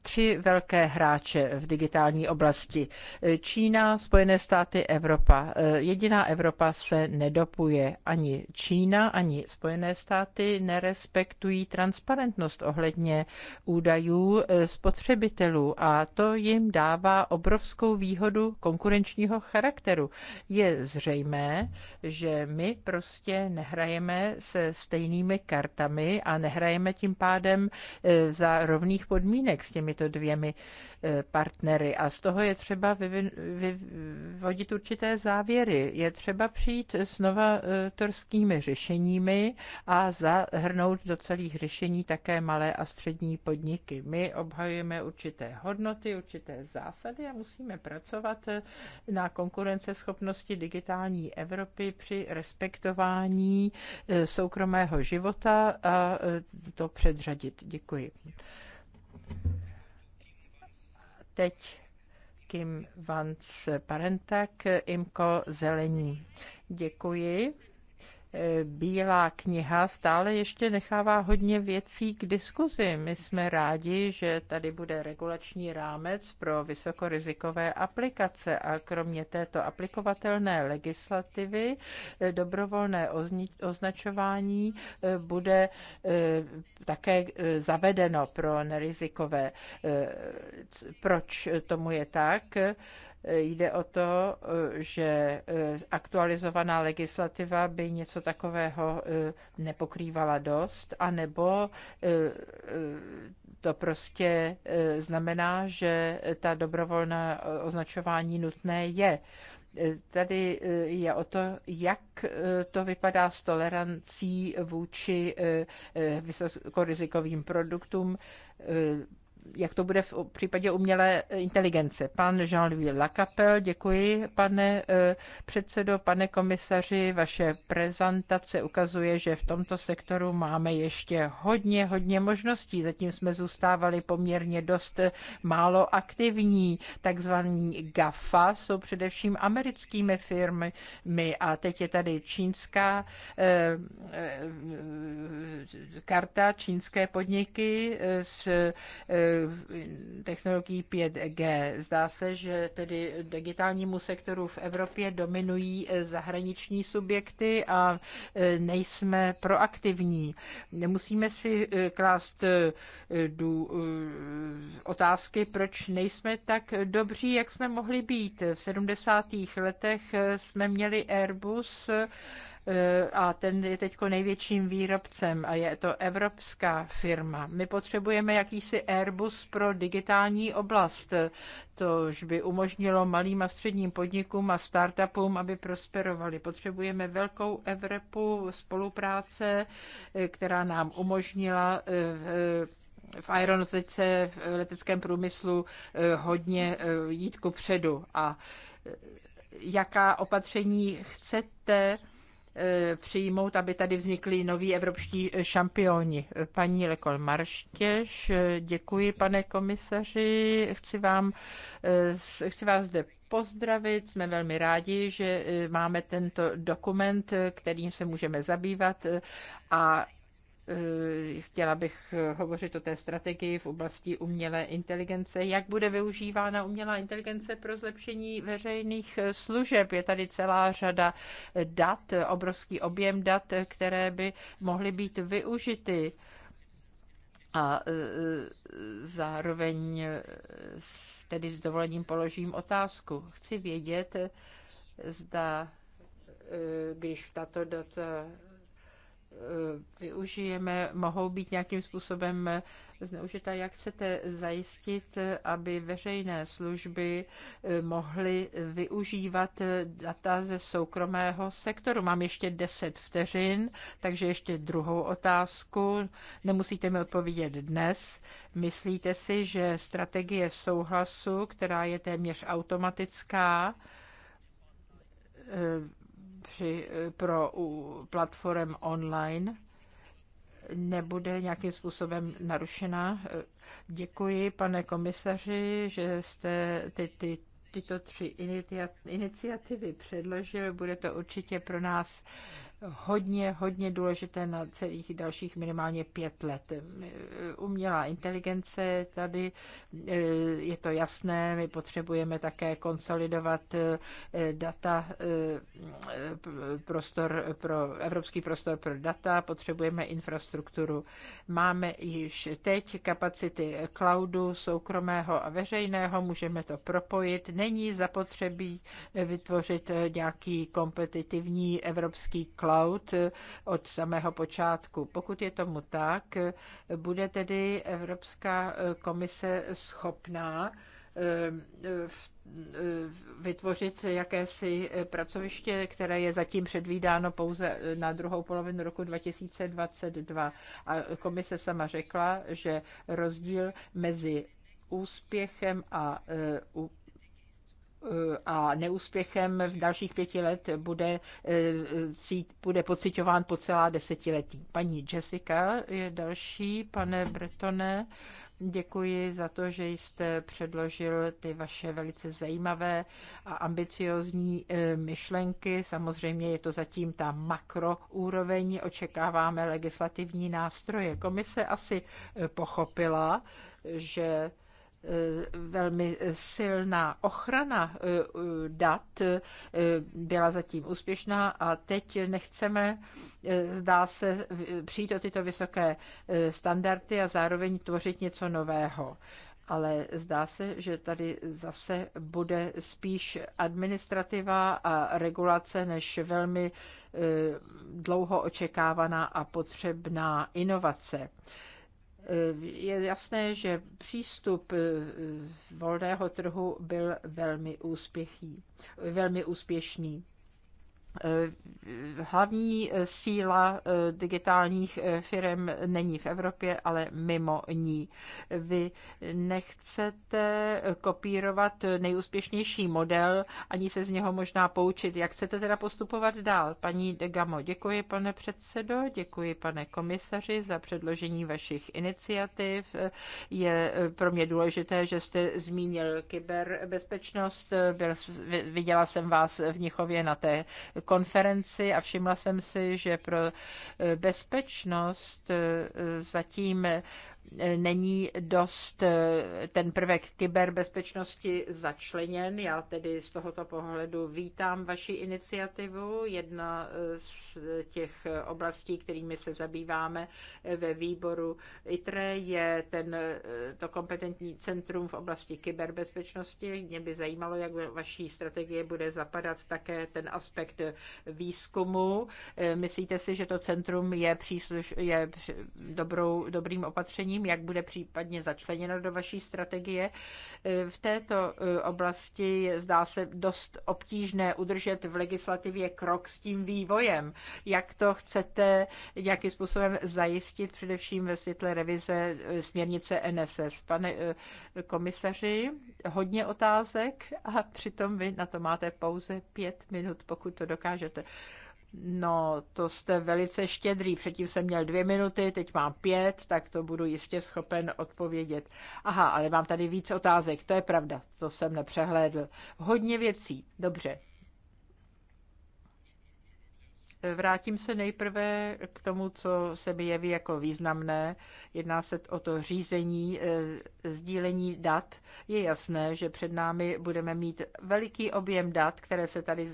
tři velké hráče v digitální oblasti. Eh, Čína, Spojené státy, Evropa. Jediná Evropa se nedopuje. Ani Čína, ani Spojené státy nerespektují transparentnost ohledně údajů spotřebitelů a to jim dává obrovskou výhodu konkurenčního charakteru je zřejmé, že my prostě nehrajeme se stejnými kartami a nehrajeme tím pádem eh, za rovných podmínek s těmito dvěmi partnery. A z toho je třeba vyvodit určité závěry. Je třeba přijít s novatorskými eh, řešeními a zahrnout do celých řešení také malé a střední podniky. My obhajujeme určité hodnoty, určité zásady a musíme pracovat eh, na konkurenceschopnosti digitální Evropy při respektování eh, soukromého života a to předřadit. Děkuji. Teď Kim Vance Parentak, IMKO Zelení. Děkuji. Bílá kniha stále ještě nechává hodně věcí k diskuzi. My jsme rádi, že tady bude regulační rámec pro vysokorizikové aplikace a kromě této aplikovatelné legislativy eh, dobrovolné označování eh, bude eh, také zavedeno pro nerizikové. Proč tomu je tak? Jde o to, že eh, aktualizovaná legislativa by něco takového eh, nepokrývala dost, anebo eh, to prostě znamená, že ta dobrovolná označování nutné je. Tady je o to, jak to vypadá s tolerancí vůči vysokorizikovým produktům, jak to bude v případě umělé eh, inteligence. Pan Jean-Louis Lacapel, děkuji, pane eh, předsedo, pane komisaři. Vaše prezentace ukazuje, že v tomto sektoru máme ještě hodně, hodně možností. Zatím jsme zůstávali poměrně dost eh, málo aktivní. Takzvaný GAFA jsou především americkými firmami a teď je tady čínská karta, čínské podniky s technologií 5G. Zdá se, že tedy digitálnímu sektoru v Evropě dominují eh, zahraniční subjekty a eh, nejsme proaktivní. Nemusíme si eh, klást otázky, proč nejsme tak dobří, jak jsme mohli být. V 70. letech jsme měli Airbus, Eh, a ten je teď největším výrobcem a je to evropská firma. My potřebujeme jakýsi Airbus pro digitální oblast, což by umožnilo malým a středním podnikům a startupům, aby prosperovali. Potřebujeme velkou Evropu spolupráce, eh, která nám umožnila eh, v aeronautice, v leteckém průmyslu hodně jít ku předu. A jaká opatření chcete přijmout, aby tady vznikli noví evropští šampioni. Paní Lekol Marštěž, děkuji, pane komisaři. Chci, vám, eh, chci vás zde pozdravit. Jsme velmi rádi, že eh, máme tento dokument, kterým se můžeme zabývat eh, a Eh, chtěla bych eh, hovořit o té strategii v oblasti umělé inteligence. Jak bude využívána umělá inteligence pro zlepšení veřejných eh, služeb? Je tady celá řada dat, obrovský objem dat, které by mohly být využity. A zároveň tedy s dovolením položím otázku. Chci vědět, zda když tato data Eh, využijeme, mohou být nějakým způsobem eh, zneužita. Jak chcete zajistit, eh, aby veřejné služby mohly využívat data ze soukromého sektoru? Mám ještě 10 vteřin, takže ještě druhou otázku. Nemusíte mi odpovědět dnes. Myslíte si, že strategie souhlasu, která je téměř automatická, při, pro u platform online nebude nějakým způsobem narušena. Děkuji, pane komisaři, že jste ty, ty, tyto tři iniciativy předložil. Bude to určitě pro nás hodně, hodně důležité na celých dalších minimálně pět let. Umělá inteligence tady eh, je to jasné, my potřebujeme také konsolidovat eh, data, eh, prostor pro, evropský prostor pro data, potřebujeme infrastrukturu. Máme již teď kapacity cloudu, soukromého a veřejného, můžeme to propojit. Není zapotřebí vytvořit nějaký kompetitivní evropský cloud cloud eh, od samého počátku. Pokud je tomu tak, eh, bude tedy Evropská eh, komise schopná vytvořit jakési pracoviště, které je zatím předvídáno pouze na druhou polovinu roku 2022. A komise sama řekla, že rozdíl mezi úspěchem a a neúspěchem v dalších pěti let bude, eh, bude pocitován po celá desetiletí. Paní Jessica je další, pane Bretone. Děkuji za to, že jste předložil ty vaše velice zajímavé a ambiciozní eh, myšlenky. Samozřejmě je to zatím ta makroúroveň. Očekáváme legislativní nástroje. Komise asi eh, pochopila, že Eh, velmi silná ochrana eh, dat eh, byla zatím úspěšná a teď nechceme, zdá se, přijít o tyto vysoké standardy a zároveň tvořit něco nového ale zdá se, že tady zase bude spíš administrativa a regulace než velmi dlouho očekávaná a potřebná inovace. Eh, je jasné, že přístup eh, volného trhu byl velmi, úspěchý, velmi úspěšný. Eh, hlavní eh, síla eh, digitálních firm není v Evropě, ale mimo ní. Vy nechcete kopírovat nejúspěšnější model, ani se z něho možná poučit. Jak chcete teda postupovat dál? Paní Degamo, děkuji, pane předsedo, děkuji, pane komisaři, za předložení vašich iniciativ. Je pro mě důležité, že jste zmínil kyberbezpečnost. Byl, viděla jsem vás v Nichově na té konferenci a všimla jsem si, že pro eh, bezpečnost eh, zatím není dost eh, ten prvek kyberbezpečnosti začleněn. Já tedy z tohoto pohledu vítám vaši iniciativu. Jedna eh, z těch oblastí, kterými se zabýváme eh, ve výboru ITRE, je ten, to kompetentní centrum v oblasti kyberbezpečnosti. Mě by zajímalo, jak vaší strategie bude zapadat také ten aspekt výzkumu. Myslíte si, že to centrum je, přísluš, je dobrou, dobrým opatřením? nevím, jak bude případně začleněno do vaší strategie. E, v této e, oblasti zdá se dost obtížné udržet v legislativě krok s tím vývojem. Jak to chcete nějakým způsobem zajistit, především ve světle revize e, směrnice NSS? Pane komisaři, hodně otázek a přitom vy na to máte pouze pět minut, pokud to dokážete. No, to jste velice štědrý. Předtím jsem měl dvě minuty, teď mám pět, tak to budu jistě schopen odpovědět. Aha, ale mám tady víc otázek, to je pravda, to jsem nepřehlédl. Hodně věcí, dobře. Vrátím se nejprve k tomu, co se mi jeví jako významné. Jedná se o to řízení, eh, sdílení dat. Je jasné, že před námi budeme mít veliký objem dat, které se tady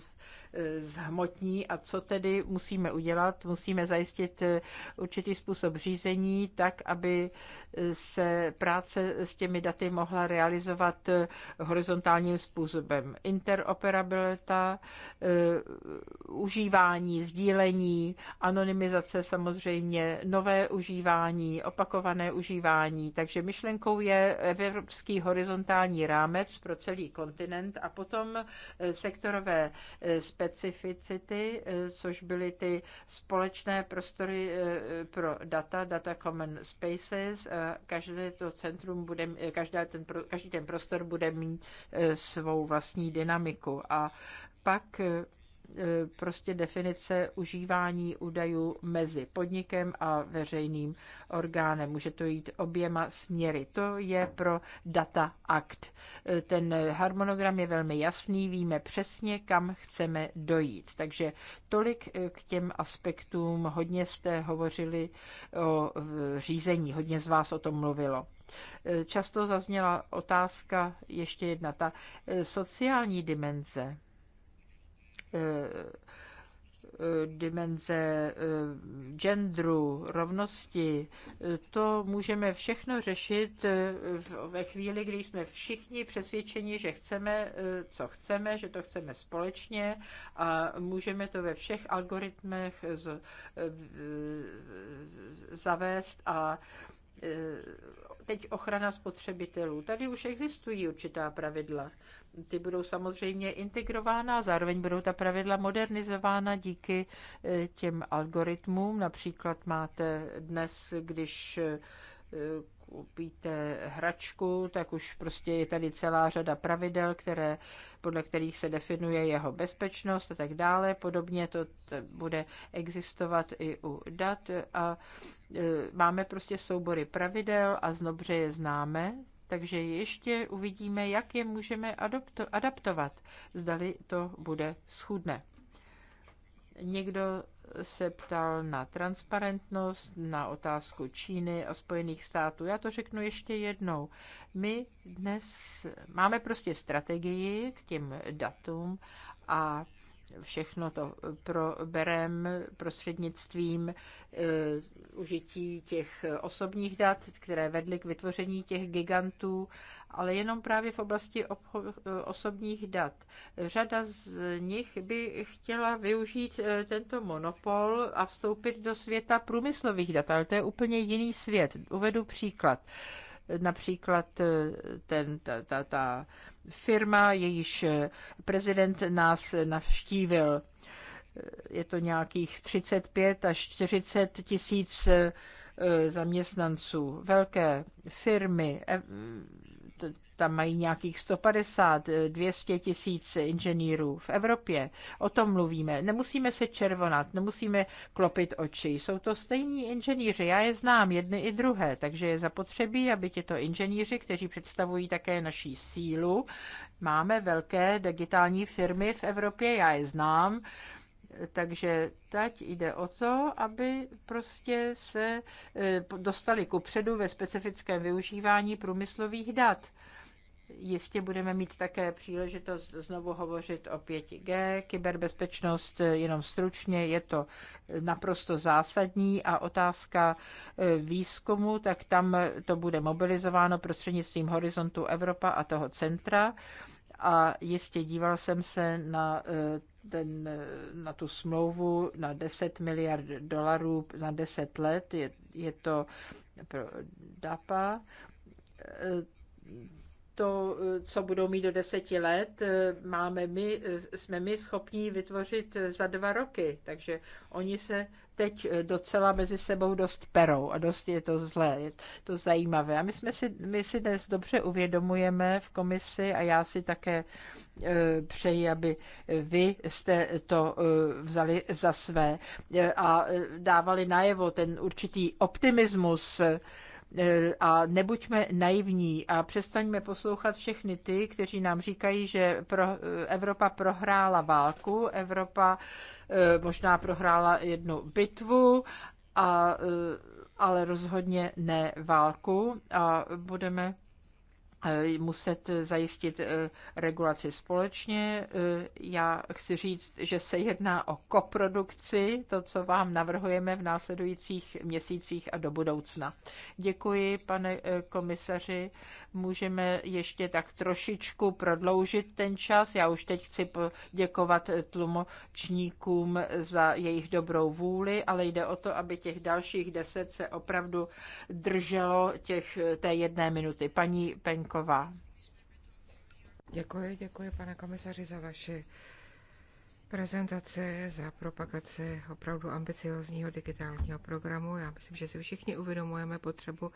zhmotní a co tedy musíme udělat. Musíme zajistit eh, určitý způsob řízení tak, aby eh, se práce s těmi daty mohla realizovat eh, horizontálním způsobem. Interoperabilita, užívání, sdílení, anonymizace samozřejmě, nové užívání, opakované užívání. Takže myšlenkou je evropský horizontální rámec pro celý kontinent a potom sektorové specializace specificity, eh, což byly ty společné prostory eh, pro data, data common spaces. Každé to centrum bude, eh, každé ten, každý ten prostor bude mít svou vlastní dynamiku. A pak E, prostě definice užívání údajů mezi podnikem a veřejným orgánem. Může to jít oběma směry. To je pro Data Act. E, ten harmonogram je velmi jasný, víme přesně, kam chceme dojít. Takže tolik e, k těm aspektům. Hodně jste hovořili o řízení, hodně z vás o tom mluvilo. Často zazněla otázka, ještě jedna, ta sociální dimenze Eh, dimenze eh, genderu, rovnosti, to můžeme všechno řešit eh, ve chvíli, kdy jsme všichni přesvědčeni, že chceme, co chceme, že to chceme společně a můžeme to ve všech algoritmech zavést a teď ochrana spotřebitelů. Tady už existují určitá pravidla. Ty budou samozřejmě integrována zároveň budou ta pravidla modernizována díky e, těm algoritmům. Například máte dnes, když e, koupíte hračku, tak už prostě je tady celá řada pravidel, které, podle kterých se definuje jeho bezpečnost a tak dále. Podobně to bude existovat i u dat a e, máme prostě soubory pravidel a znobře je známe, takže ještě uvidíme, jak je můžeme adaptovat, zdali to bude schudné. Někdo se ptal na transparentnost, na otázku Číny a Spojených států. Já to řeknu ještě jednou. My dnes máme prostě strategii k těm datům a všechno to proberem prostřednictvím eh, užití těch osobních dat, které vedly k vytvoření těch gigantů, ale jenom právě v oblasti osobních dat. Řada z nich by chtěla využít eh, tento monopol a vstoupit do světa průmyslových dat, ale to je úplně jiný svět. Uvedu příklad například eh, ten, ta, ta, ta firma, jejíž eh, prezident nás navštívil je to nějakých 35 až 40 tisíc eh, eh, zaměstnanců. Velké firmy, eh, tam mají nějakých 150, 200 tisíc inženýrů v Evropě. O tom mluvíme. Nemusíme se červonat, nemusíme klopit oči. Jsou to stejní inženýři, já je znám, jedny i druhé, takže je zapotřebí, aby těto inženýři, kteří představují také naší sílu, máme velké digitální firmy v Evropě, já je znám, takže teď jde o to, aby prostě se e, dostali ku předu ve specifickém využívání průmyslových dat. Jistě budeme mít také příležitost znovu hovořit o 5G, kyberbezpečnost e, jenom stručně, je to naprosto zásadní a otázka e, výzkumu, tak tam to bude mobilizováno prostřednictvím Horizontu Evropa a toho centra a jistě díval jsem se na eh, ten, eh, na tu smlouvu na 10 miliard dolarů na 10 let. Je, je to pro DAPA eh, to, co budou mít do deseti let, máme my, jsme my schopni vytvořit za dva roky. Takže oni se teď docela mezi sebou dost perou a dost je to zlé, je to zajímavé. A my, jsme si, my si dnes dobře uvědomujeme v komisi a já si také e, přeji, aby vy jste to e, vzali za své e, a dávali najevo ten určitý optimismus, Eh, a nebuďme naivní a přestaňme poslouchat všechny ty, kteří nám říkají, že pro, eh, Evropa prohrála válku, Evropa eh, možná prohrála jednu bitvu, a, ale rozhodně ne válku a budeme E, muset zajistit e, regulaci společně. E, já chci říct, že se jedná o koprodukci, to, co vám navrhujeme v následujících měsících a do budoucna. Děkuji, pane komisaři. Můžeme ještě tak trošičku prodloužit ten čas. Já už teď chci poděkovat tlumočníkům za jejich dobrou vůli, ale jde o to, aby těch dalších deset se opravdu drželo těch té jedné minuty. Paní Penk Zelienková. Děkuji, děkuji pane komisaři za vaši prezentaci, za propagaci opravdu ambiciozního digitálního programu. Já myslím, že si všichni uvědomujeme potřebu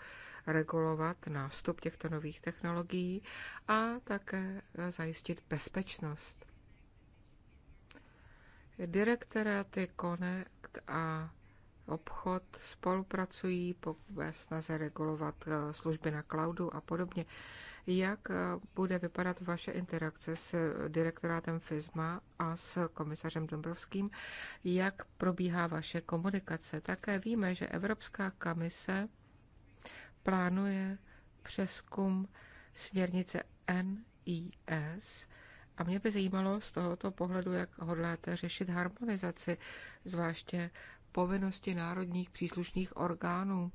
regulovat nástup těchto nových technologií a také zajistit bezpečnost. Direktoráty Connect a obchod spolupracují ve snaze regulovat eh, služby na cloudu a podobně. Jak eh, bude vypadat vaše interakce s direktorátem FISMA a s komisařem Dombrovským? Jak probíhá vaše komunikace? Také víme, že Evropská komise plánuje přeskum směrnice NIS, a mě by zajímalo z tohoto pohledu, jak hodláte řešit harmonizaci, zvláště povinnosti národních příslušných orgánů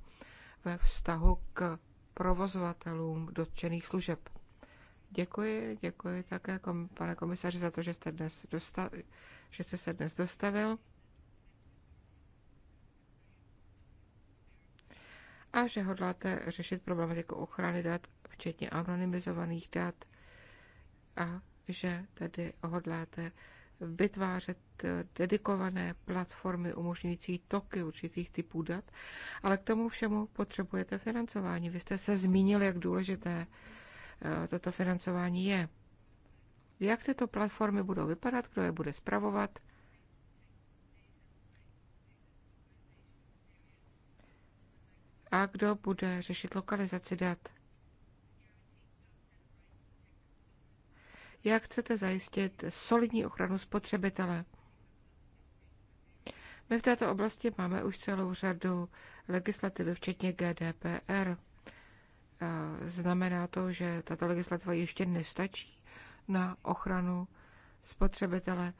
ve vztahu k provozovatelům dotčených služeb. Děkuji, děkuji také, kom, pane komisaři, za to, že jste, dnes dosta, že jste se dnes dostavil. A že hodláte řešit problematiku ochrany dat, včetně anonymizovaných dat, a že tedy hodláte vytvářet eh, dedikované platformy umožňující toky určitých typů dat, ale k tomu všemu potřebujete financování. Vy jste se zmínil, jak důležité eh, toto financování je. Jak tyto platformy budou vypadat, kdo je bude spravovat, a kdo bude řešit lokalizaci dat. jak chcete zajistit solidní ochranu spotřebitele. My v této oblasti máme už celou řadu legislativy, včetně GDPR. Znamená to, že tato legislativa ještě nestačí na ochranu spotřebitele.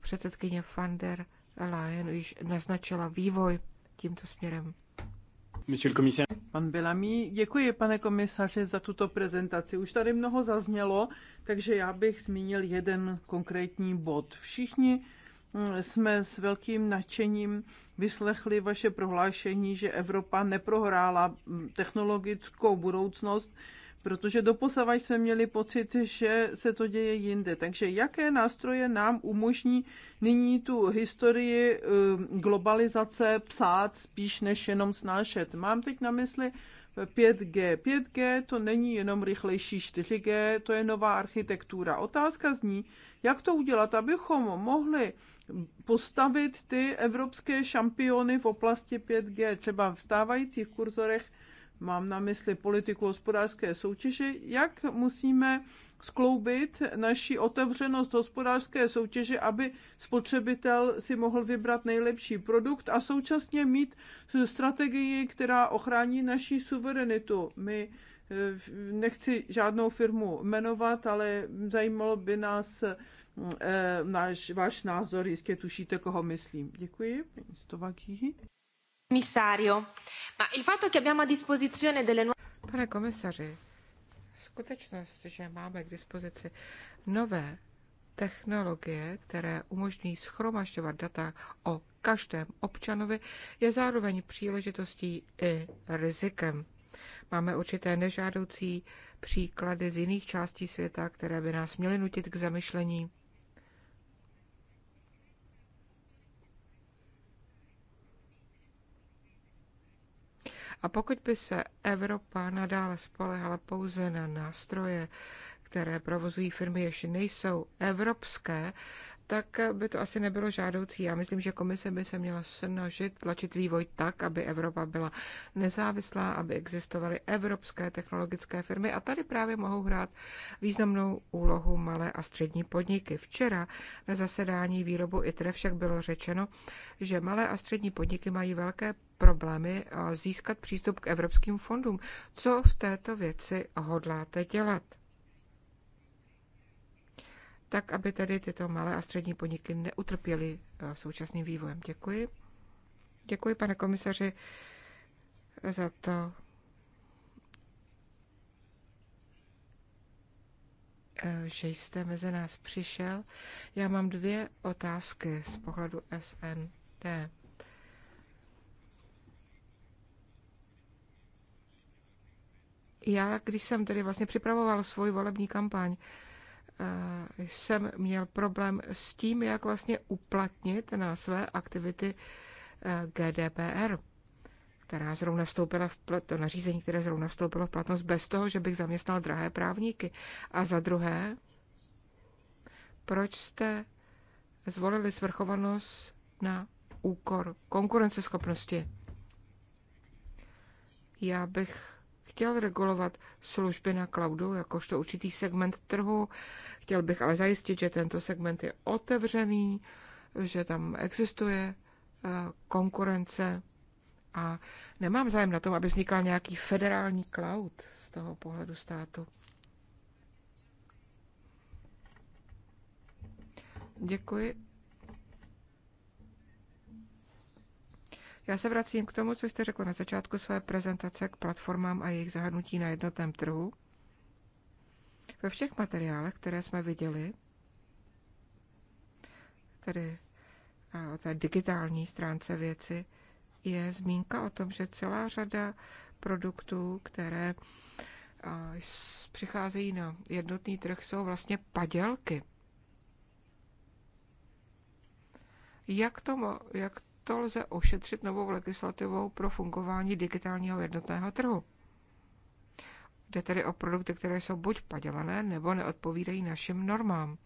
Předsedkyně Fander Leyen již naznačila vývoj tímto směrem. Pan Bellamy, děkuji pane komisaři za tuto prezentaci. Už tady mnoho zaznělo, takže já bych zmínil jeden konkrétní bod. Všichni hm, jsme s velkým nadšením vyslechli vaše prohlášení, že Evropa neprohrála hm, technologickou budoucnost, protože doposavat jsme měli pocit, že se to děje jinde. Takže jaké nástroje nám umožní nyní tu historii eh, globalizace psát spíš než jenom snášet? Mám teď na mysli 5G. 5G to není jenom rychlejší 4G, to je nová architektura. Otázka zní, jak to udělat, abychom mohli postavit ty evropské šampiony v oblasti 5G, třeba v stávajících kurzorech mám na mysli politiku hospodářské soutěže, jak musíme skloubit naši otevřenost hospodářské soutěže, aby spotřebitel si mohl vybrat nejlepší produkt a současně mít strategii, která ochrání naši suverenitu. My eh, nechci žádnou firmu jmenovat, ale zajímalo by nás eh, náš, váš názor, jistě tušíte, koho myslím. Děkuji, paní Stovaký. Komisario, ma il fatto che abbiamo a disposizione delle nuove... Pane komisaři, skutečnost, že máme k dispozici nové technologie, které umožní schromažďovat data o každém občanovi, je zároveň příležitostí i rizikem. Máme určité nežádoucí příklady z jiných částí světa, které by nás měly nutit k zamyšlení A pokud by se Evropa nadále spolehala pouze na nástroje, které provozují firmy, jež nejsou evropské, tak by to asi nebylo žádoucí. Já myslím, že komise by se měla snažit tlačit vývoj tak, aby Evropa byla nezávislá, aby existovaly evropské technologické firmy a tady právě mohou hrát významnou úlohu malé a střední podniky. Včera na zasedání výrobu ITRE však bylo řečeno, že malé a střední podniky mají velké problémy eh, získat přístup k evropským fondům. Co v této věci hodláte dělat? tak aby tady tyto malé a střední podniky neutrpěly eh, současným vývojem. Děkuji. Děkuji, pane komisaři, za to, eh, že jste mezi nás přišel. Já mám dvě otázky z pohledu SND. Já, když jsem tedy vlastně připravoval svoji volební kampaň, jsem měl problém s tím, jak vlastně uplatnit na své aktivity eh, GDPR, která zrovna vstoupila v plat, to nařízení, které zrovna vstoupilo v platnost bez toho, že bych zaměstnal drahé právníky. A za druhé, proč jste zvolili svrchovanost na úkor konkurenceschopnosti? Já bych chtěl regulovat služby na cloudu jakožto určitý segment trhu. Chtěl bych ale zajistit, že tento segment je otevřený, že tam existuje eh, konkurence a nemám zájem na tom, aby vznikal nějaký federální cloud z toho pohledu státu. Děkuji. Já se vracím k tomu, co jste řekl na začátku své prezentace k platformám a jejich zahrnutí na jednotném trhu. Ve všech materiálech, které jsme viděli, tedy o té digitální stránce věci, je zmínka o tom, že celá řada produktů, které přicházejí na jednotný trh, jsou vlastně padělky. Jak, tomu, jak to lze ošetřit novou legislativou pro fungování digitálního jednotného trhu. Jde tedy o produkty, které jsou buď padělané, nebo neodpovídají našim normám.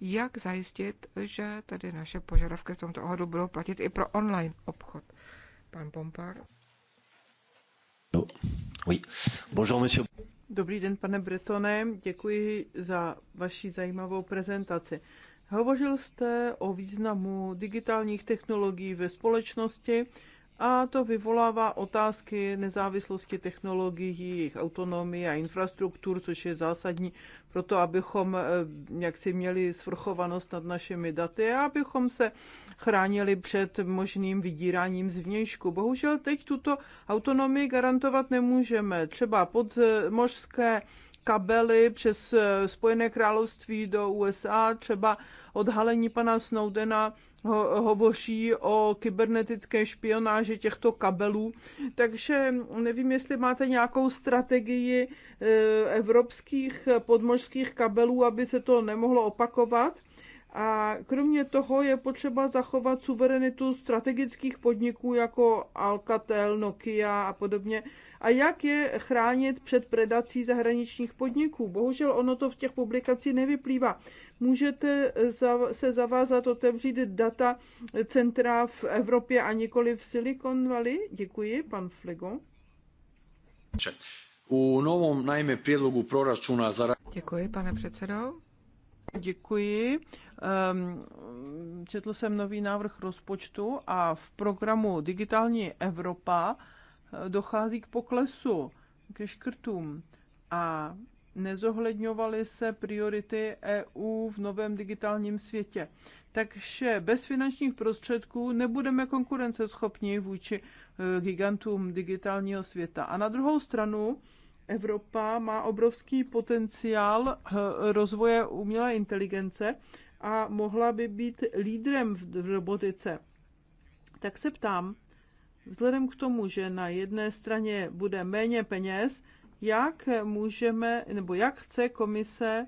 Jak zajistit, že tedy naše požadavky v tomto ohledu budou platit i pro online obchod? Pan Pompar. No, oui. Bonjour, monsieur. Dobrý den, pane Bretone. Děkuji za vaši zajímavou prezentaci. Hovořil jste o významu digitálních technologií ve společnosti a to vyvolává otázky nezávislosti technologií, jejich autonomie a infrastruktur, což je zásadní pro to, abychom eh, jaksi měli svrchovanost nad našimi daty a abychom se chránili před možným vydíráním zvnějšku. Bohužel teď tuto autonomii garantovat nemůžeme. Třeba podmořské kabely přes eh, Spojené království do USA, třeba odhalení pana Snowdena ho, hovoří o kybernetické špionáži těchto kabelů. Takže nevím, jestli máte nějakou strategii eh, evropských podmořských kabelů, aby se to nemohlo opakovat. A kromě toho je potřeba zachovat suverenitu strategických podniků jako Alcatel, Nokia a podobně, a jak je chránit před predací zahraničních podniků. Bohužel ono to v těch publikacích nevyplývá. Můžete se zavázat otevřít data centra v Evropě a nikoli v Silicon Valley? Děkuji, pan Flego. U novom najme prijedlogu proračuna za... Děkuji, pane předsedo. Děkuji. Ehm, četl jsem nový návrh rozpočtu a v programu Digitální Evropa dochází k poklesu, ke škrtům a nezohledňovaly se priority EU v novém digitálním světě. Takže bez finančních prostředků nebudeme konkurenceschopní vůči eh, gigantům digitálního světa. A na druhou stranu Evropa má obrovský potenciál eh, rozvoje umělé inteligence a mohla by být lídrem v robotice. Tak se ptám, Vzhledem k tomu, že na jedné straně bude méně peněz, jak můžeme, nebo jak chce komise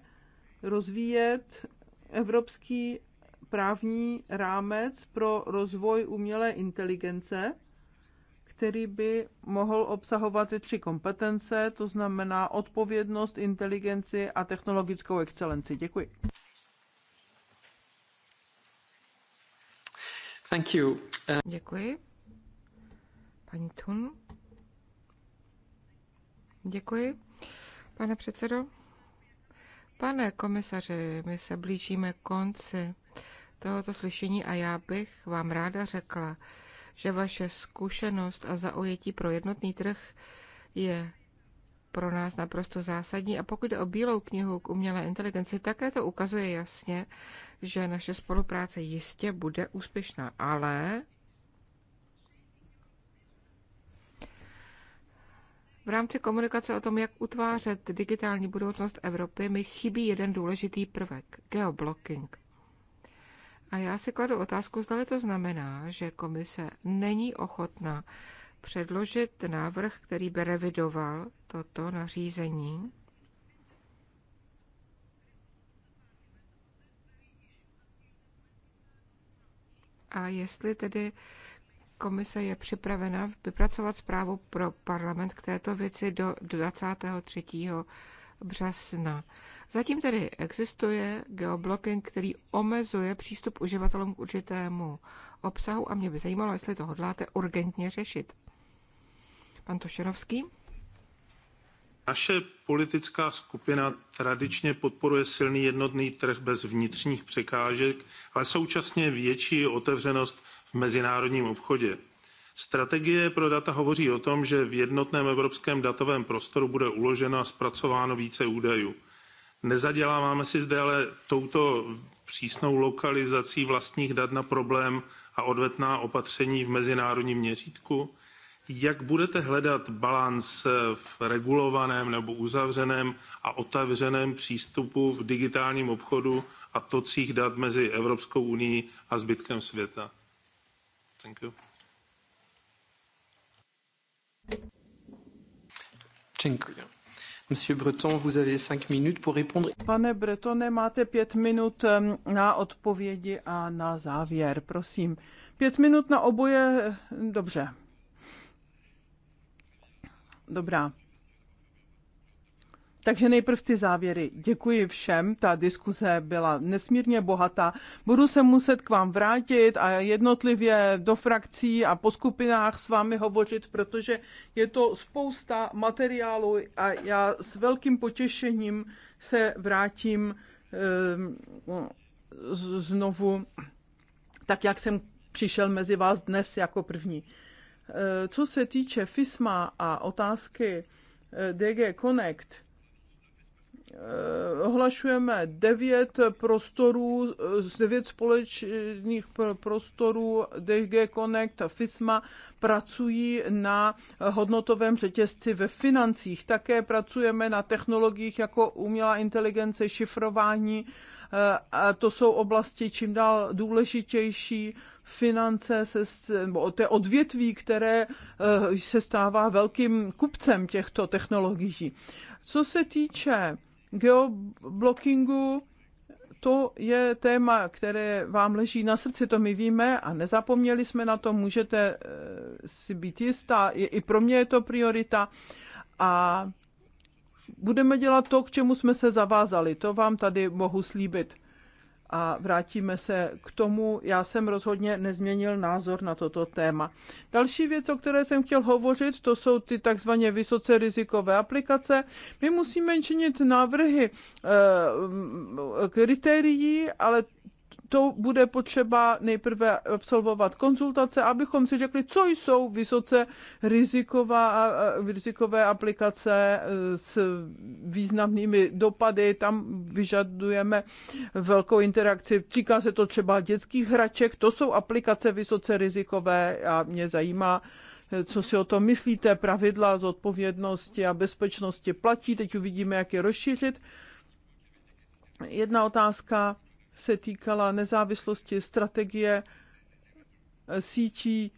rozvíjet evropský právní rámec pro rozvoj umělé inteligence, který by mohl obsahovat ty tři kompetence, to znamená odpovědnost, inteligenci a technologickou excelenci. Děkuji. Thank you. Uh, Děkuji. Paní Tun. Děkuji, pane předsedo. Pane komisaři, my se blížíme konci tohoto slyšení a já bych vám ráda řekla, že vaše zkušenost a zaujetí pro jednotný trh je pro nás naprosto zásadní. A pokud jde o bílou knihu k umělé inteligenci, také to ukazuje jasně, že naše spolupráce jistě bude úspěšná. Ale V rámci komunikace o tom, jak utvářet digitální budoucnost Evropy, mi chybí jeden důležitý prvek – geoblocking. A já si kladu otázku, zda to znamená, že komise není ochotná předložit návrh, který by revidoval toto nařízení. A jestli tedy Komise je připravena vypracovat zprávu pro parlament k této věci do 23. března. Zatím tedy existuje geoblocking, který omezuje přístup uživatelům k určitému obsahu a mě by zajímalo, jestli to hodláte urgentně řešit. Pan Tošerovský. Naše politická skupina tradičně podporuje silný jednotný trh bez vnitřních překážek, ale současně větší otevřenost v mezinárodním obchodě. Strategie pro data hovoří o tom, že v jednotném evropském datovém prostoru bude uloženo a zpracováno více údajů. Nezaděláváme si zde ale touto přísnou lokalizací vlastních dat na problém a odvetná opatření v mezinárodním měřítku? Jak budete hledat balans v regulovaném nebo uzavřeném a otevřeném přístupu v digitálním obchodu a tocích dat mezi Evropskou unii a zbytkem světa? Thank you. Dziękuję. Monsieur Breton, vous avez cinq minutes pour répondre. Pane Bretone, máte pět minut na odpovědi a na závěr, prosím. Pět minut na oboje, dobře. Dobrá. Takže nejprve ty závěry. Děkuji všem, ta diskuze byla nesmírně bohatá. Budu se muset k vám vrátit a jednotlivě do frakcí a po skupinách s vámi hovořit, protože je to spousta materiálu a já s velkým potěšením se vrátím ehm, znovu tak, jak jsem přišel mezi vás dnes jako první. Ehm, co se týče FISMA a otázky ehm, DG Connect, Eh, ohlašujeme devět prostorů, eh, devět společných prostorů DG Connect a FISMA pracují na hodnotovém řetězci ve financích. Také pracujeme na technologiích jako umělá inteligence, šifrování. Eh, a to jsou oblasti čím dál důležitější. Finance se, nebo to je odvětví, které se stává velkým kupcem těchto technologií. Co se týče geoblockingu, to je téma, které vám leží na srdci, to my víme a nezapomněli jsme na to, můžete eh, si být jistá, i pro mě je to priorita a budeme dělat to, k čemu jsme se zavázali, to vám tady mohu slíbit a vrátíme se k tomu. Já jsem rozhodně nezměnil názor na toto téma. Další věc, o které jsem chtěl hovořit, to jsou ty takzvaně vysoce rizikové aplikace. My musíme činit návrhy eh, kritérií, ale to bude potřeba nejprve absolvovat konzultace, abychom si řekli, co jsou vysoce riziková, rizikové aplikace e, s významnými dopady. Tam vyžadujeme velkou interakci. Týká se to třeba dětských hraček. To jsou aplikace vysoce rizikové a mě zajímá, e, co si o tom myslíte, pravidla z odpovědnosti a bezpečnosti platí. Teď uvidíme, jak je rozšířit. Jedna otázka se týkala nezávislosti strategie eh, sítí.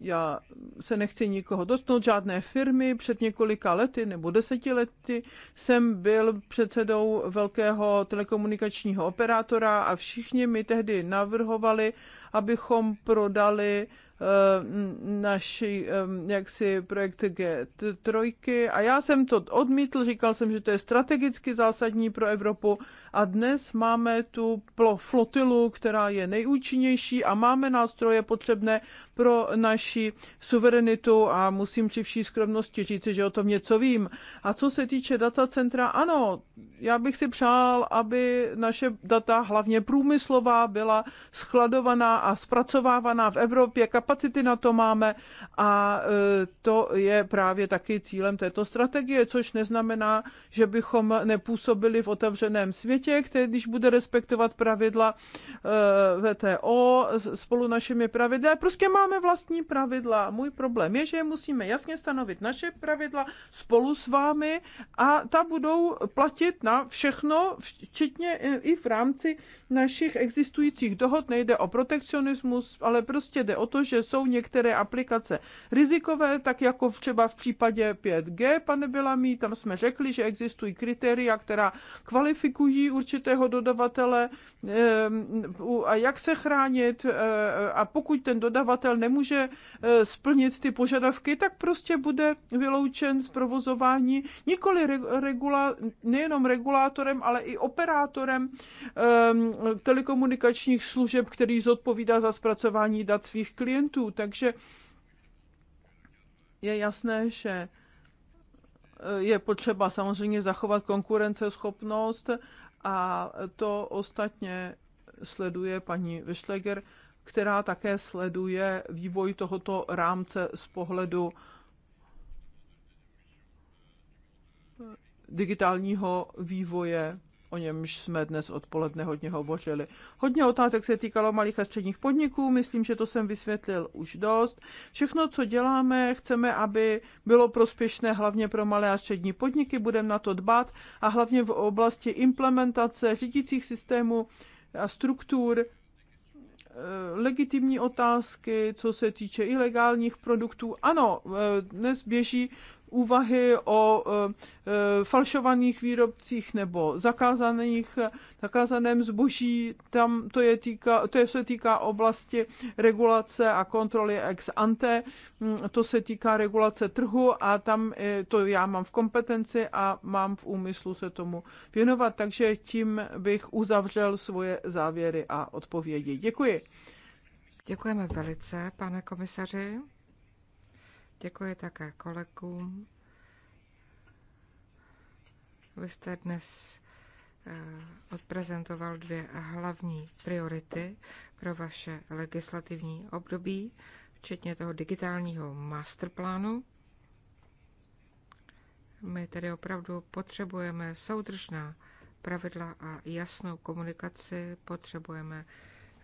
Já se nechci nikoho dotknout, žádné firmy. Před několika lety nebo deseti lety jsem byl předsedou velkého telekomunikačního operátora a všichni mi tehdy navrhovali, abychom prodali Eh, naši eh, jaksi projekt G3 a já jsem to odmítl, říkal jsem, že to je strategicky zásadní pro Evropu a dnes máme tu flotilu, která je nejúčinnější a máme nástroje potřebné pro naši suverenitu a musím při vší skromnosti říci, že o tom něco vím. A co se týče datacentra, ano, já bych si přál, aby naše data, hlavně průmyslová, byla skladovaná a zpracovávaná v Evropě, kapacity na to máme a e, to je právě taky cílem této strategie, což neznamená, že bychom nepůsobili v otevřeném světě, který když bude respektovat pravidla e, VTO spolu našimi pravidly. Prostě máme vlastní pravidla. Můj problém je, že musíme jasně stanovit naše pravidla spolu s vámi a ta budou platit na všechno, včetně i v rámci našich existujících dohod. Nejde o protekcionismus, ale prostě jde o to, že že jsou některé aplikace rizikové, tak jako třeba v případě 5G, pane Bělamí, tam jsme řekli, že existují kritéria, která kvalifikují určitého dodavatele ehm, a jak se chránit e, a pokud ten dodavatel nemůže e, splnit ty požadavky, tak prostě bude vyloučen z provozování nikoli regula, nejenom regulátorem, ale i operátorem ehm, telekomunikačních služeb, který zodpovídá za zpracování dat svých klientů klientů, takže je jasné, že eh, je potřeba samozřejmě zachovat konkurenceschopnost a to ostatně sleduje paní Vyšleger, která také sleduje vývoj tohoto rámce z pohledu digitálního vývoje o němž jsme dnes odpoledne hodně hovořili. Hodně otázek se týkalo malých a středních podniků, myslím, že to jsem vysvětlil už dost. Všechno, co děláme, chceme, aby bylo prospěšné hlavně pro malé a střední podniky, budeme na to dbat a hlavně v oblasti implementace řídících systémů a struktur eh, legitimní otázky, co se týče ilegálních produktů. Ano, eh, dnes běží úvahy o eh, eh, falšovaných výrobcích nebo zakázaných, zakázaném zboží. Tam to, je týka, to je, se týká oblasti regulace a kontroly ex ante. Mm, to se týká regulace trhu a tam eh, to já mám v kompetenci a mám v úmyslu se tomu věnovat. Takže tím bych uzavřel svoje závěry a odpovědi. Děkuji. Děkujeme velice, pane komisaři. Děkuji také kolegům. Vy jste dnes eh, odprezentoval dvě hlavní priority pro vaše legislativní období, včetně toho digitálního masterplánu. My tedy opravdu potřebujeme soudržná pravidla a jasnou komunikaci, potřebujeme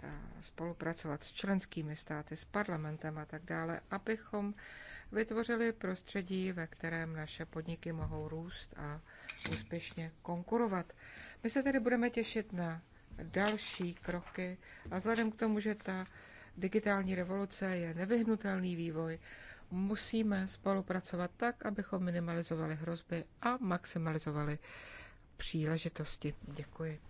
eh, spolupracovat s členskými státy, s parlamentem a tak dále, abychom vytvořili prostředí, ve kterém naše podniky mohou růst a úspěšně konkurovat. My se tedy budeme těšit na další kroky a vzhledem k tomu, že ta digitální revoluce je nevyhnutelný vývoj, musíme spolupracovat tak, abychom minimalizovali hrozby a maximalizovali příležitosti. Děkuji.